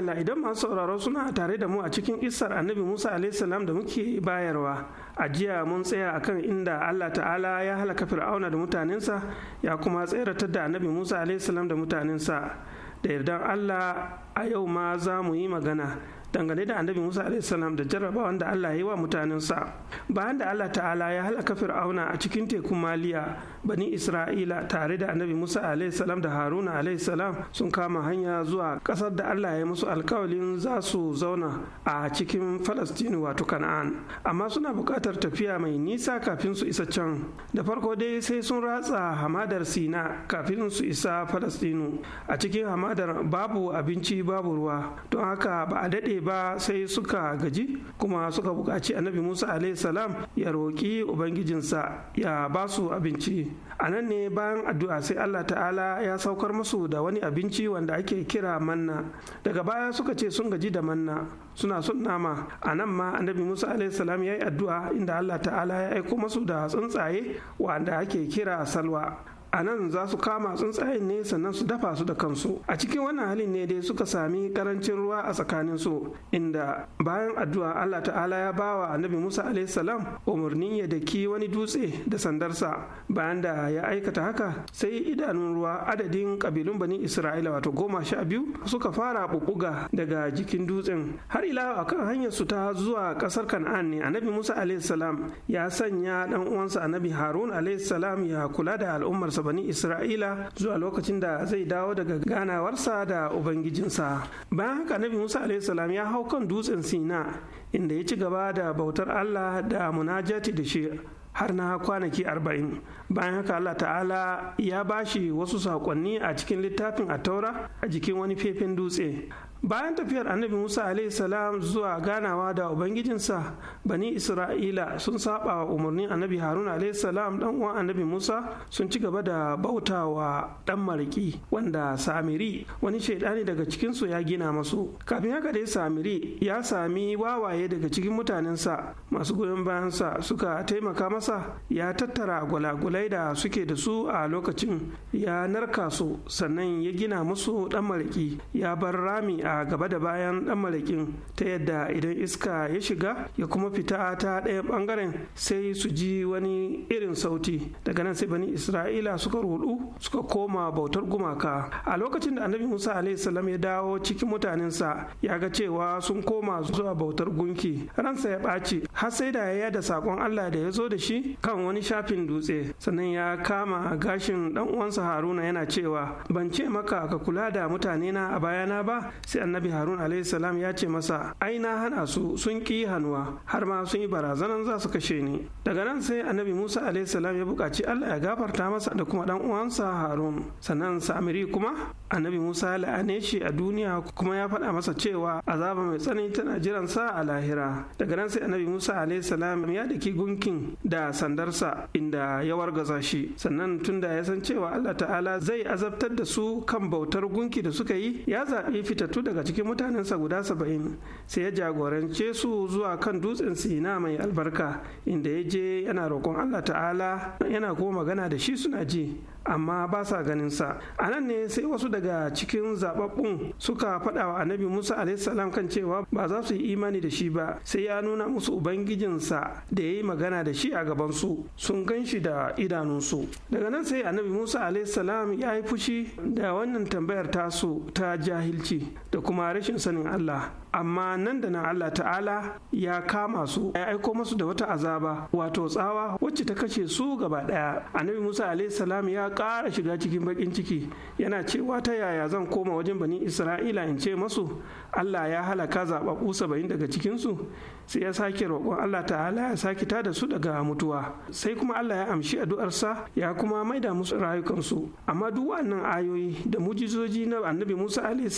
madalla idan masu sauraro suna tare da mu a cikin isar annabi musa alaihissalam da muke bayarwa a jiya mun tsaya akan inda allah ta'ala ya halaka fir'auna da mutanensa ya kuma tseratar da annabi musa alaihissalam da mutanensa da yardan allah a yau ma za mu yi magana dangane da annabi musa alaihissalam da jarrabawan da allah ya yi wa mutanensa bayan da allah ta'ala ya halaka fir'auna a cikin tekun maliya bani isra'ila tare da annabi musa alaihissalam da haruna alaihissalam sun kama hanya zuwa ƙasar da allah ya musu alkawalin za su zauna a cikin Falasɗinu, wato kan'an amma suna buƙatar tafiya mai nisa kafin su isa can da farko dai sai sun ratsa hamadar sina kafin su isa falastinu a cikin hamadar babu abinci babu ruwa don haka ba a daɗe ba sai suka gaji kuma suka buƙaci annabi musa alaihi salam ya roƙi ubangijinsa ya ba su abinci a nan ne bayan addu'a sai allah ta'ala ya saukar musu da wani abinci wanda ake kira manna daga baya suka ce sun gaji da manna suna son nama a nan ma annabi musa alaihi salam ya yi addu'a inda allah ta'ala ya aiko masu da tsuntsaye wanda ake kira salwa a nan za su kama tsuntsayen ne sannan su dafa su da kansu a cikin wannan halin ne dai suka sami karancin ruwa a tsakanin su inda bayan addu'a Allah ta'ala ya bawa annabi Musa alaihi salam umarnin ya daki wani dutse da sandarsa bayan da ya aikata haka sai idanun ruwa adadin kabilun bani Isra'ila wato goma sha biyu suka fara bubuga daga jikin dutsen har ila akan hanyar su ta zuwa kasar Kan'an ne annabi Musa alaihi salam ya sanya dan uwansa annabi Harun alaihi salam ya kula da al'ummarsa bani isra'ila zuwa lokacin da zai dawo daga ganawarsa da ubangijinsa bayan haka nabi musa alaihissalam ya hau kan dutsen sina inda ya ci gaba da bautar allah da munajati da shi har na kwanaki arba'in bayan haka allah ta'ala ya bashi wasu saƙonni a cikin littafin a taura a jikin wani fefen dutse bayan tafiyar annabi musa salam zuwa ganawa da ubangijinsa bani isra'ila sun saba wa umarnin annabi harun salam dan uwan annabi musa sun ci gaba da bautawa dan mariki wanda samiri wani shaidani daga cikinsu ya gina masu kafin haka dai samiri ya sami wawaye daga cikin mutanensa masu goyon bayansa suka taimaka masa ya tattara gwalagwalai da suke da su a lokacin ya narka su sannan ya gina musu dan mariki ya bar rami a gaba da bayan dan malakin ta yadda idan iska ya shiga ya kuma fita ta ɗaya bangaren sai su ji wani irin sauti daga nan sai bani isra'ila suka rudu suka koma bautar gumaka a lokacin da annabi musa salam ya dawo cikin mutanensa ya ga cewa sun koma zuwa bautar gunki ransa ya ɓaci har sai da ya yada sakon allah da ya zo da shi kan wani shafin dutse sannan ya kama gashin dan uwansa haruna yana cewa ban ce maka ka kula da mutane na a bayana ba sai annabi harun alaihi salam ya ce masa ai na hana su sun ki hannuwa har ma sun yi barazanan za su kashe ni daga nan sai annabi musa alaihi salam ya buƙaci allah ya gafarta masa da kuma dan uwansa harun sannan samiri kuma annabi musa ya la'ane shi a duniya kuma ya faɗa masa cewa azaba mai tsanani tana jiran sa a lahira daga nan sai annabi musa alaihi salam ya daki gunkin da sandarsa inda ya wargaza shi sannan tunda ya san cewa allah ta'ala zai azabtar da su kan bautar gunki da suka yi ya zaɓi fitattu daga cikin mutanensa guda saba'in sai ya jagorance su zuwa kan dutsen sina mai albarka inda ya je yana roƙon allah ta'ala yana kuma magana da shi suna ji amma ba sa ganin sa a nan ne sai wasu daga cikin zababbun suka faɗa wa annabi musa alaihissalam kan cewa ba za su yi imani da shi ba sai ya nuna musu ubangijinsa da ya yi magana da shi a gabansu sun gan shi da idanunsu daga nan sai annabi musa alaihissalam ya yi fushi da wannan tambayar tasu ta jahilci da kuma rashin sanin allah amma nan da nan Allah ta'ala ya kama su ya aiko masu da wata azaba wato tsawa wacce ta kashe su gaba daya annabi Musa alaihi salam ya ƙara shiga cikin bakin ciki yana cewa ta yaya zan koma wajen bani Isra'ila in ce masu Allah ya halaka zababu saba'in daga cikin su sai ya sake roƙon Allah ta'ala ya sake tada su daga mutuwa sai kuma Allah ya amshi addu'arsa ya kuma mai da musu rayukansu amma duk wannan ayoyi da mujizoji na annabi Musa alaihi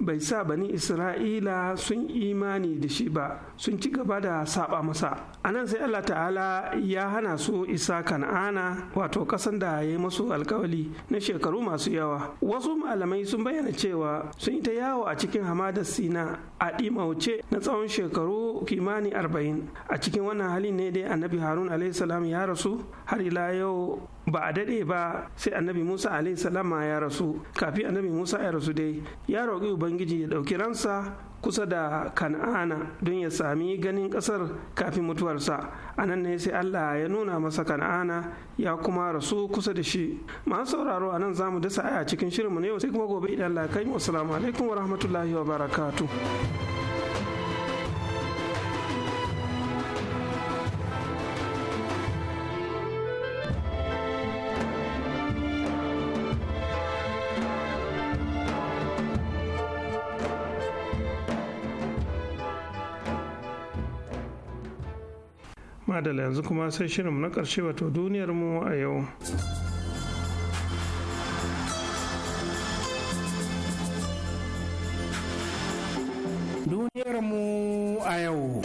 bai sa bani Isra'ila sun imani da shi ba sun ci gaba da saba masa anan sai Allah ta'ala ya hana su isa kan'ana wato kasan da ya yi masu alkawali na shekaru masu yawa wasu malamai sun bayyana cewa sun yi ta yawo a cikin hamadar sina a ɗimauce na tsawon shekaru kimani arba'in a cikin wannan halin ne dai annabi harun salam ya rasu har ila yau ba a dade ba sai annabi musa alaihissalam ya rasu kafin annabi musa ya rasu dai ya roƙi ubangiji ya ɗauki ransa kusa da kan'ana don ya sami ganin ƙasar kafin mutuwarsa a nan ne sai allah ya nuna masa kan'ana ya kuma rasu kusa da shi masu sauraro a nan zamu dasa aya cikin shirin mu ne sai kuma gobe idan allah kai mu assalamu alaikum wa rahmatullahi wa barakatuh madala yanzu kuma sai shirinmu na ƙarshe wato duniyarmu a yau duniyarmu a yau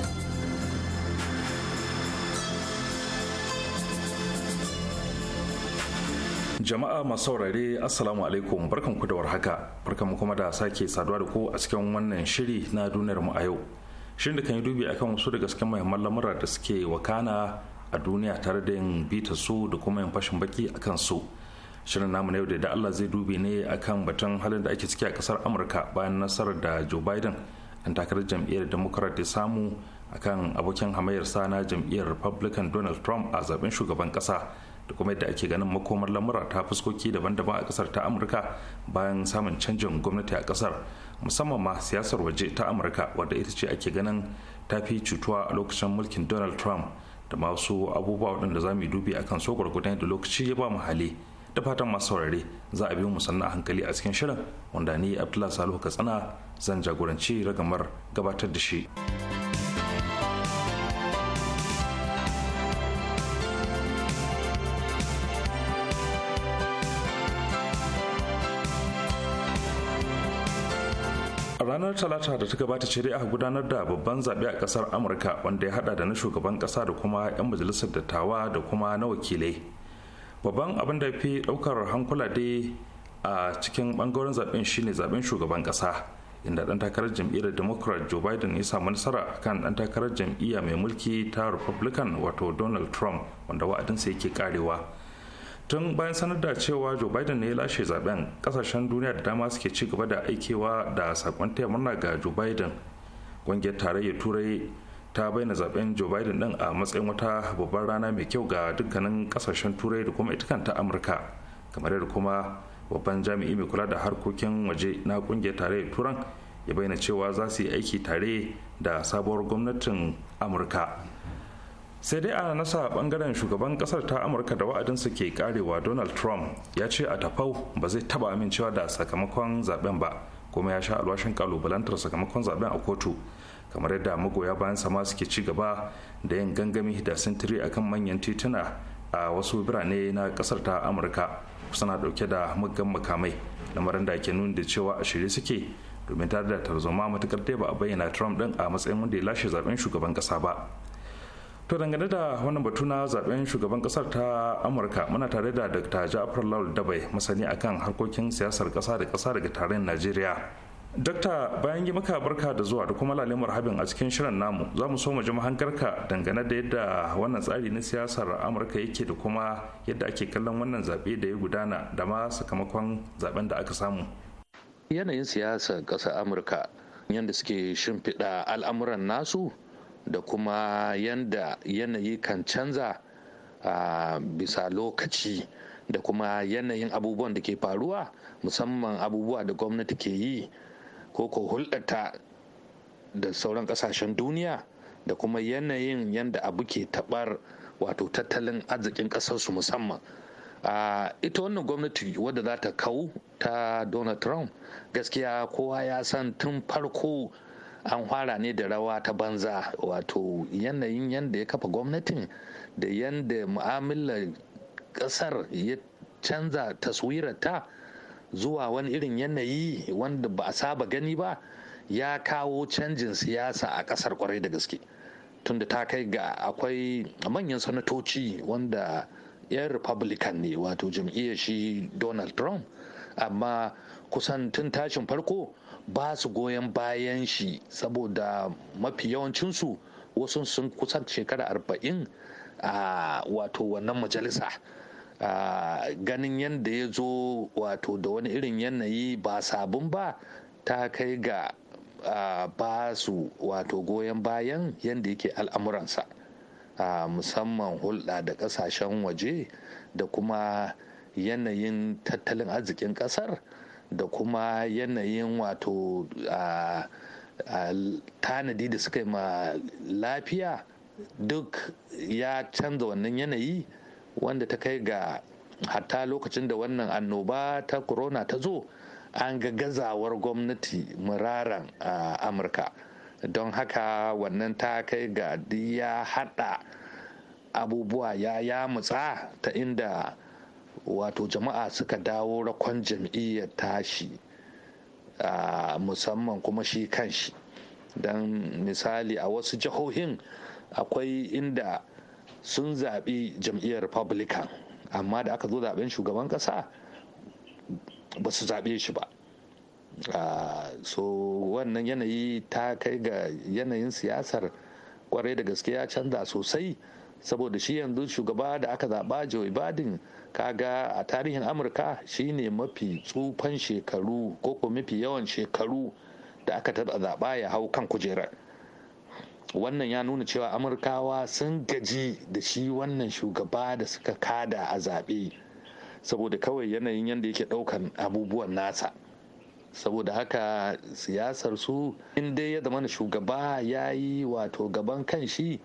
jama'a masu saurare assalamu alaikum barkan ku da warhaka barkan kuma da sake saduwa da ku a cikin wannan shiri na duniyar a yau shirin da kan yi dubi akan wasu daga cikin muhimman lamura da suke wakana a duniya tare da yin bita su da kuma yin fashin baki akan su shirin namu na yau da Allah zai dubi ne akan batun halin da ake ciki a kasar amurka bayan nasarar da joe biden an takarar jam'iyyar democrat ya samu akan abokin sa na jam'iyyar republican donald trump a zaben shugaban kasa da kuma yadda ake ganin makomar lamura ta fuskoki daban-daban a kasar ta amurka bayan samun canjin gwamnati a kasar musamman ma siyasar waje ta amurka wadda ita ce ake ganin ta fi cutuwa a lokacin mulkin donald trump da masu abubuwa waɗanda za mu yi dubi akan so gwargwadon da lokaci ya ba mu hali da fatan masu saurare za a biyu musanna a hankali a cikin shirin wanda ni abdullahi salihu katsina zan jagoranci ragamar gabatar da shi. talata da ta gabata ce gudanar da babban zaɓe a ƙasar amurka wanda ya haɗa da na shugaban ƙasa da kuma 'yan majalisar dattawa da kuma na wakilai babban abin da fi ɗaukar hankula dai a cikin ɓangaren zaɓen shine zaɓen shugaban ƙasa inda ɗan takarar jam'iyyar democrat joe biden ya samu nasara kan ɗan takarar jam'iyya mai mulki ta republican wato donald trump wanda wa'adinsa yake karewa tun bayan sanar da cewa joe biden ne ya lashe zaben kasashen duniya da dama suke ci gaba da aikewa da sakon taya ga joe biden ƙungiyar tarayyar turai ta bayyana zaben joe biden din a matsayin wata babbar rana mai kyau ga dukkanin kasashen turai da kuma itikan ta amurka kamar da kuma babban jami'i mai kula da harkokin waje na ƙungiyar tarayyar turan ya bayyana cewa za su yi aiki tare da sabuwar gwamnatin amurka sai dai a nasa bangaren shugaban kasar ta amurka da wa'adinsa ke karewa donald trump ya ce a tafau ba zai taba amincewa da sakamakon zaben ba kuma ya sha alwashin kalubalantar sakamakon zaben a kotu kamar yadda magoya bayan sama suke ci gaba da yin gangami da sintiri akan manyan tituna a wasu birane na kasar ta amurka suna dauke da muggan makamai lamarin da ke nuni da cewa a shirye suke domin tare da tarzoma matukar ba a bayyana trump din a matsayin wanda ya lashe zaben shugaban kasa ba to dangane da wannan batu na zaben shugaban kasar ta amurka muna tare da dr ja'far lawal dabai masani akan harkokin siyasar kasa da kasa daga tarayyar najeriya Dr. bayan yi maka barka da zuwa da kuma lalimar habin a cikin shirin namu za mu so mu ji mahangarka dangane da yadda wannan tsari na siyasar amurka yake da kuma yadda ake kallon wannan zaɓe da ya gudana da ma sakamakon zaben da aka samu yanayin siyasar ƙasar amurka yadda suke shimfiɗa al'amuran nasu da kuma yanda yanayi kan canza a bisa lokaci da kuma yanayin abubuwan da ke faruwa musamman abubuwa da gwamnati ke yi ko ko hulɗata da sauran ƙasashen duniya da kuma yanayin yanda abu ke taɓar wato tattalin arzikin ƙasarsu musamman a ita wannan gwamnati wadda za ta kawo ta donald trump gaskiya kowa ya san tun farko an fara ne da rawa ta banza wato yanayin yadda ya kafa gwamnatin da yadda mu'amalar ƙasar ya canza taswirarta zuwa wani irin yanayi wanda ba a saba gani ba ya kawo canjin siyasa a ƙasar kwarai da gaske tunda ta kai ga akwai manyan sanatoci wanda 'yan republican ne wato jam'iyyar shi donald trump amma kusan tun tashin farko ba su goyon bayan shi saboda mafi yawancinsu wasu sun kusan shekara arba'in a wato wannan majalisa ganin yadda ya zo wato da wani irin yanayi ba sabon ba ta kai ga ba su wato goyon bayan yadda yake al'amuransa musamman hulɗa da ƙasashen waje da kuma yanayin tattalin arzikin ƙasar da kuma yanayin wato a tanadi da suka yi ma lafiya duk ya canza wannan yanayi wanda ta kai ga hatta lokacin da wannan annoba ta corona ta zo an ga gazawar gwamnati muraran a amurka don haka wannan ta kai ga ya hada abubuwa ya yamutsa ta inda wato jama'a suka dawo rakon jam'iyyar tashi a musamman kuma shi kan shi don misali a wasu jihohin akwai inda sun zaɓi jam'iyyar republican amma da aka zo zaɓen shugaban ƙasa ba su zaɓe shi ba so wannan yanayi ta kai ga yanayin siyasar kwarai da gaske ya canza sosai saboda shi yanzu shugaba da aka zaɓa joe biden kaga a tarihin amurka shine mafi tsufan shekaru ko ko mafi yawan shekaru da aka taɓa zaɓa ya hau kan kujerar wannan ya nuna cewa amurkawa sun gaji da shi wannan shugaba da suka kada a zaɓe saboda kawai yanayin yadda yake ɗaukan abubuwan nasa saboda haka siyasar su in ya zama shugaba ya yi wato gaban kan shi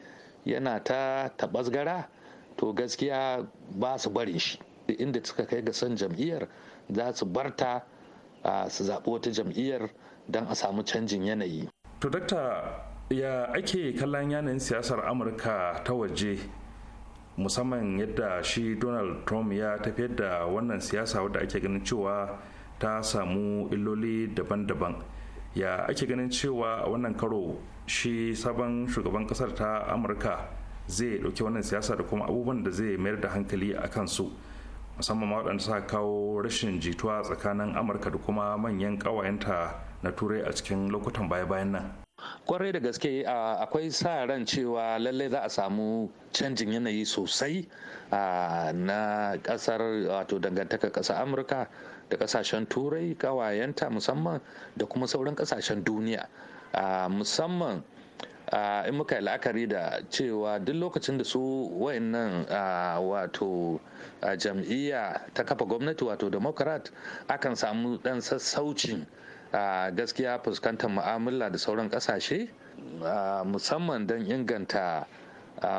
yana ta taɓasgara to gaskiya ba su barin shi inda suka kai ga son jam'iyyar za su barta su zaɓi wata jam'iyyar don a samu canjin yanayi to dakta ya ake kallon yanayin siyasar amurka ta waje musamman yadda shi donald trump ya tafiyar da wannan siyasa wadda ake ganin cewa ta samu illoli daban-daban ya ake ganin cewa a wannan karo shi sabon shugaban kasar ta amurka zai ɗauki wannan siyasa da kuma abubuwan da zai mayar da hankali a kansu musamman ma waɗanda suka kawo rashin jituwa tsakanin amurka da kuma manyan ƙawayenta na turai a cikin lokutan baya-bayan nan kwarai da gaske akwai sa ran cewa lallai za a samu canjin yanayi sosai na kasar wato dangantaka Ƙasar amurka da ƙasashen turai ƙawayenta musamman da kuma sauran kasashen duniya musamman in muka yi la'akari da cewa duk lokacin da su wayannan wato jam'iyya ta kafa gwamnati wato democrat akan samu dan sassaucin gaskiya fuskantar mu'amala da sauran kasashe musamman don inganta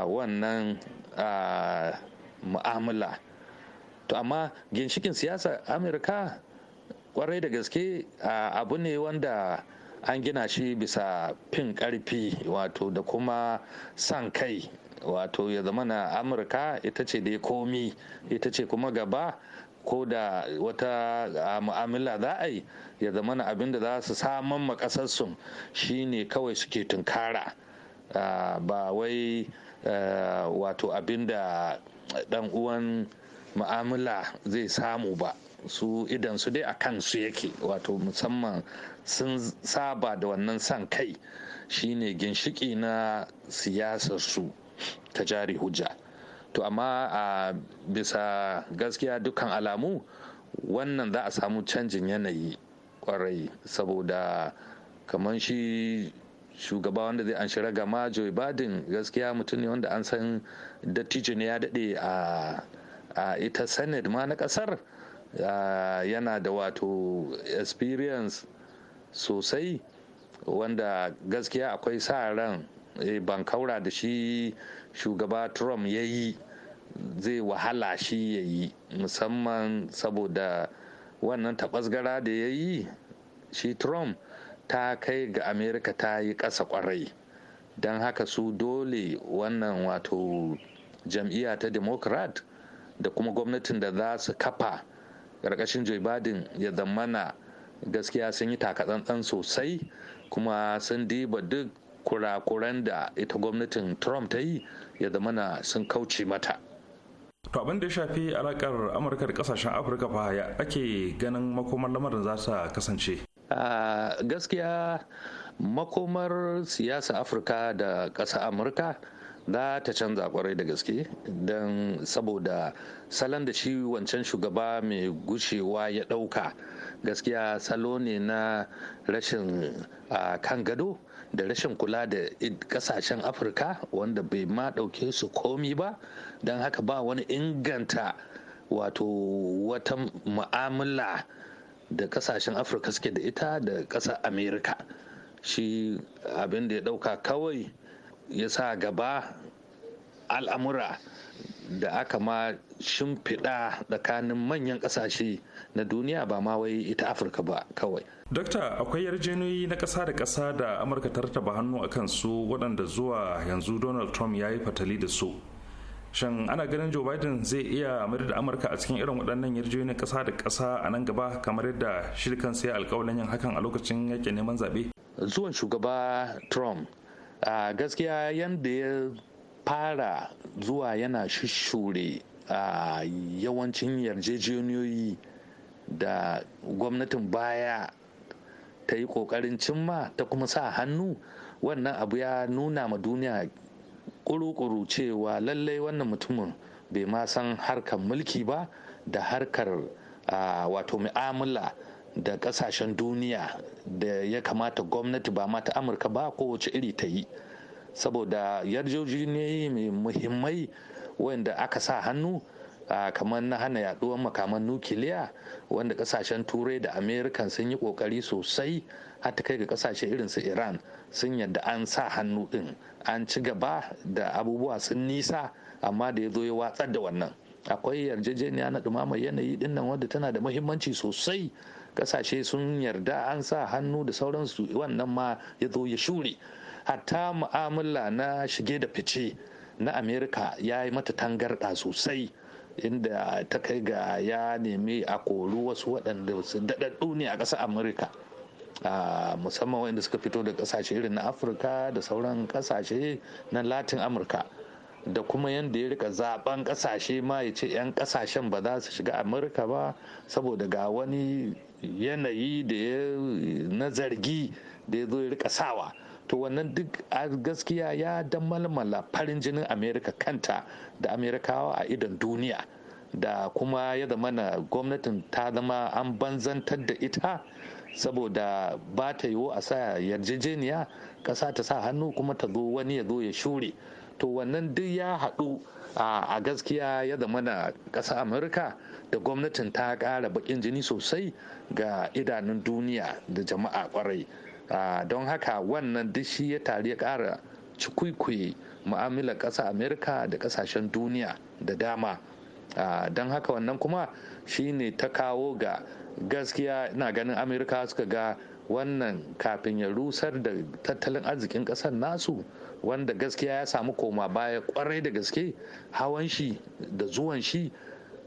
wannan mu'amala to amma ginshikin siyasa amurka kwarai da gaske abu ne wanda an gina shi bisa fin karfi wato da kuma san kai wato ya zama na amurka ita ce dai komi ita ce kuma gaba ko da wata mu'amala za a yi ya zama na abin za su saman makasarsu ne kawai suke tunkara ba wai wato abinda da dan uwan mu'amala zai samu ba su idan su dai a su yake wato musamman sun saba da wannan san kai shine ginshiki na siyasarsu ta jari hujja to amma a bisa gaskiya dukkan alamu wannan za a samu canjin yanayi kwarai saboda kamar shi shugaba wanda zai an shira gama joe biden gaskiya mutum ne wanda an san dattijo ne ya daɗe a ita senate ma na ƙasar yana da wato experience sosai wanda gaskiya akwai sa ran e ban kaura da shi shugaba trump ya yi zai wahala shi ya yi musamman saboda wannan taɓasgara da ya yi shi trump ta kai ga amerika ta yi ƙasa kwarai don haka su dole wannan wato jam'iyya ta democrat da kuma gwamnatin da za su kafa ƙarƙashin joe biden ya zamana gaskiya sun yi takatsantsan sosai kuma sun diba duk kurakuran da ita gwamnatin trump ta yi ya zamana sun kauce mata to abin da ya shafi alakar amurka da kasashen afirka fa ya ake ganin makomar lamarin za ta kasance gaskiya makomar siyasa afirka da kasa amurka za ta canza kwarai da gaske don saboda salon da shi wancan shugaba mai gushewa ya ɗauka gaskiya salo ne na rashin kan gado da rashin kula da kasashen afirka wanda bai ma dauke su komi ba don haka ba wani inganta wato wata mu'amala da kasashen afirka suke da ita da ƙasa amerika shi abin da ya dauka kawai ya sa gaba al'amura da aka ma shimfiɗa tsakanin manyan ƙasashe na duniya ba ma wai ita afirka ba kawai dokta akwai yarjejeniyoyi na ƙasa da ƙasa da amurka ta rataba hannu a su waɗanda zuwa yanzu donald trump ya yi fatali da su Shan ana ganin joe biden zai iya mayar da amurka a cikin irin waɗannan yarjejeniyoyin ƙasa da ƙasa a nan gaba kamar yadda shirkan sai alƙawarin yin hakan a lokacin yake neman zaɓe zuwan shugaba trump a gaskiya yadda ya fara zuwa yana shushure a yawancin yarjejeniyoyi da gwamnatin baya ta yi ƙoƙarin cimma ta kuma sa hannu wannan abu ya nuna ma duniya ƙuruƙuru cewa lallai wannan mutumin bai ma san harkar mulki ba da harkar wato mu'amala da kasashen duniya da ya kamata gwamnati ba ma ta amurka ba ko kowace iri ta yi saboda yarjejeniyoyi mai muhimmai wanda aka sa hannu kamar na hana yaduwar makaman nukiliya wanda kasashen turai da amerikan sun yi kokari sosai har kai ga kasashe irin su iran sun yadda an sa hannu din an ci gaba da abubuwa sun nisa amma da ya zo ya watsar da wannan akwai yarjejeniya na ɗumamar yanayi din nan wadda tana da muhimmanci sosai kasashe sun yarda an sa hannu da sauransu wannan ma ya zo ya shure hatta mu'amala na shige da fice na amerika ya yi mata tangarɗa sosai inda ta kai ga ya nemi a kori wasu waɗanda su daɗaɗɗu ne a ƙasar amurka musamman waɗanda suka fito da ƙasashe irin na afirka da sauran ƙasashe na latin amurka da kuma yadda ya rika zaben ƙasashe ma ya ce 'yan ƙasashen ba za su shiga amurka ba saboda ga wani yanayi da ya na zargi da ya zo ya rika sawa to wannan duk a gaskiya ya damalmala farin jinin amerika kanta da amerikawa a idon duniya da kuma ya na gwamnatin ta zama an banzantar da ita saboda ba ta yiwu a sa yarjejeniya ƙasa ta sa hannu kuma ta zo wani ya zo ya shure to wannan duk ya haɗu a gaskiya ya zama na ƙasa amurka da gwamnatin ta ƙara bakin jini sosai ga idanun duniya da jama'a ƙwarai don haka wannan duk shi ya tari ya ƙara cikuikuyi mu'amalar ƙasa amerika da ƙasashen duniya da dama don haka wannan kuma shi ne ta kawo ga gaskiya ina ganin amerika suka ga wannan kafin ya rusar da tattalin arzikin ƙasar nasu wanda gaskiya ya samu koma baya kwarai da gaske hawan shi da zuwan shi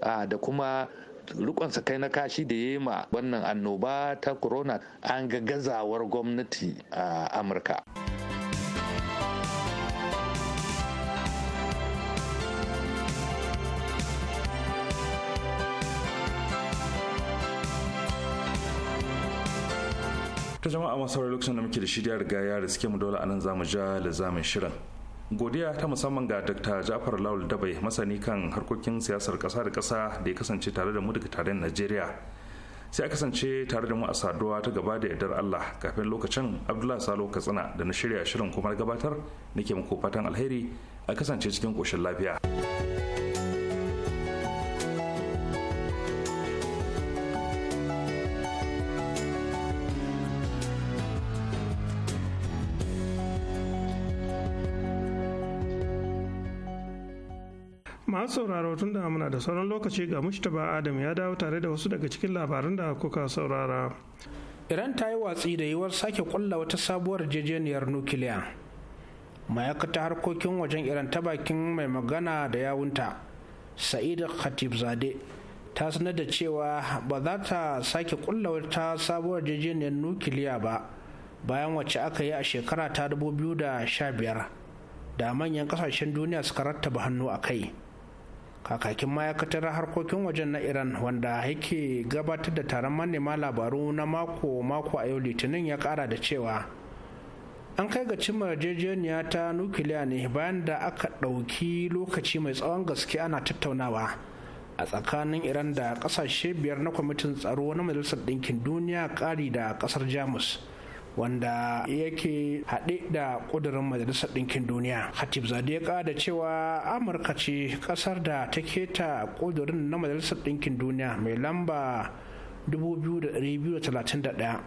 da kuma rikon kai na kashi da ya ma wannan annoba ta corona an ga gazawar gwamnati a amurka ta jama'a masu lokacin da muke da shirya riga da suke mu dole anan zamu ja da zamu shirin godiya ta musamman ga dr jafar lawal dabai masani kan harkokin siyasar kasa da kasa da ya kasance tare da mu daga tarayyar najeriya sai a kasance tare da mu a saduwa ta gaba da yardar allah kafin lokacin abdullahi salo katsina da na shirya shirin kuma gabatar nake muku fatan alheri a kasance cikin koshin lafiya masu sauraro tun da muna da sauran lokaci ga mushtaba adam ya dawo tare da wasu daga cikin labarin da kuka saurara iran ta yi watsi da yiwuwar sake kulla wata sabuwar jejeniyar nukiliya ma'aikata harkokin wajen iran ta bakin mai magana da yawunta sa'id khatib zade ta sanar da cewa ba za ta sake kulla wata sabuwar jejeniyar nukiliya ba bayan wacce aka yi a shekara ta 2015 da manyan ƙasashen duniya suka rattaba hannu a kai kakakin ma'aikatar harkokin wajen na iran wanda yake gabatar da taron manema labaru na mako-mako a yau litinin ya kara da cewa an kai ga cimma yarjejeniya ta nukiliya ne bayan da aka ɗauki lokaci mai tsawon gaske ana tattaunawa a tsakanin iran da ƙasashe biyar na kwamitin tsaro na majalisar ɗinkin duniya ƙari da ƙasar jamus wanda yake haɗe da ƙudurin majalisar ɗinkin duniya hatib zade ya ƙada cewa amurka ce ƙasar da ta keta ƙudurin na majalisar ɗinkin duniya mai lamba 2231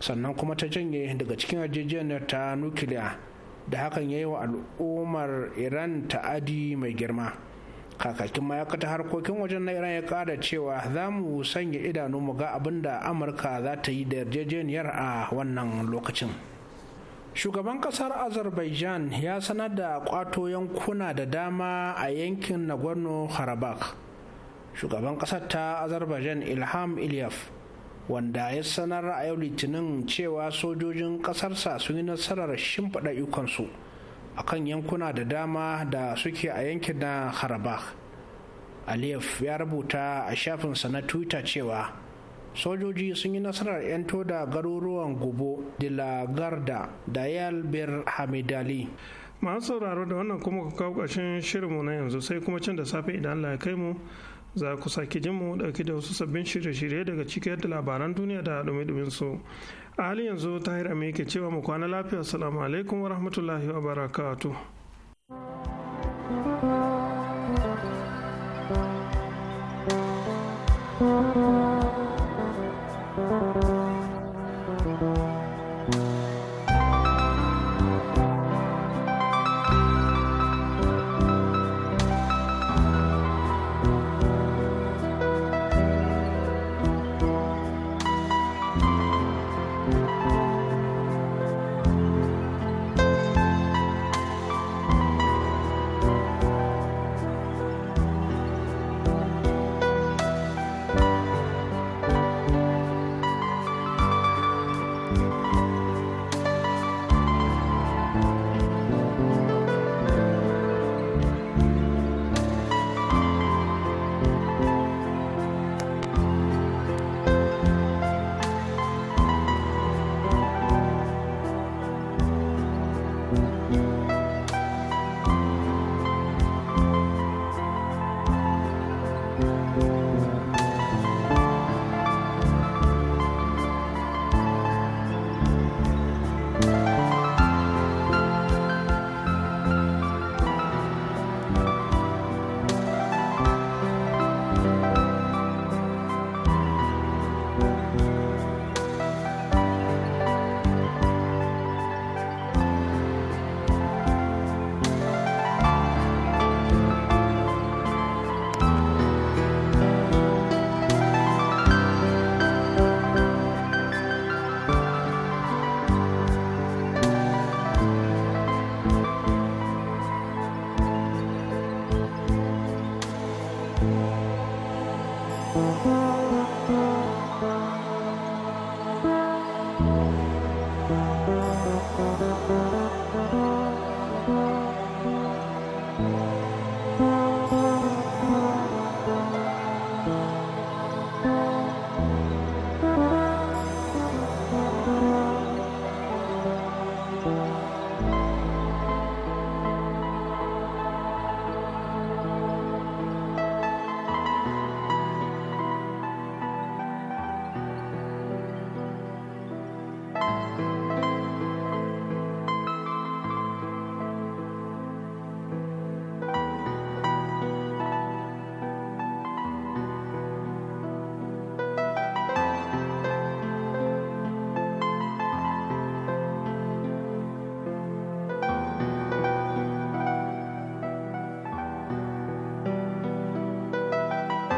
sannan kuma ta janye daga cikin yarjejeniyar ta nukiliya da hakan ya yi wa al'ummar iran ta adi mai girma kakakin ma'aikata harkokin wajen na iran ya kara cewa za mu sanya idanu mu ga abin da amurka za ta yi da yarjejeniyar a wannan lokacin shugaban kasar azerbaijan ya sanar da kwato yankuna da dama a yankin nagorno karabakh shugaban kasar ta azerbaijan ilham iliyaf wanda ya sanar a yau litinin cewa sojojin kasarsa sun yi nasarar shimfiɗa ikonsu. su a kan yankuna da dama da suke a yankin na harabakh aliyev ya rubuta a shafinsa na twitter cewa sojoji sun yi nasarar 'yanto da garuruwan gubo garda da yalbir hamidali masu sauraro da wannan kuma ka kawo ƙarshen shirinmu na yanzu sai kuma can da safe idan allah ya kai mu za ku sake jin mu dauki da wasu sabbin shirye-shirye daga cikin da labaran duniya da dumi su a halin yanzu tahir amin ke cewa mu kwana lafiya assalamu alaikum wa rahmatullahi wa barakatu. thank you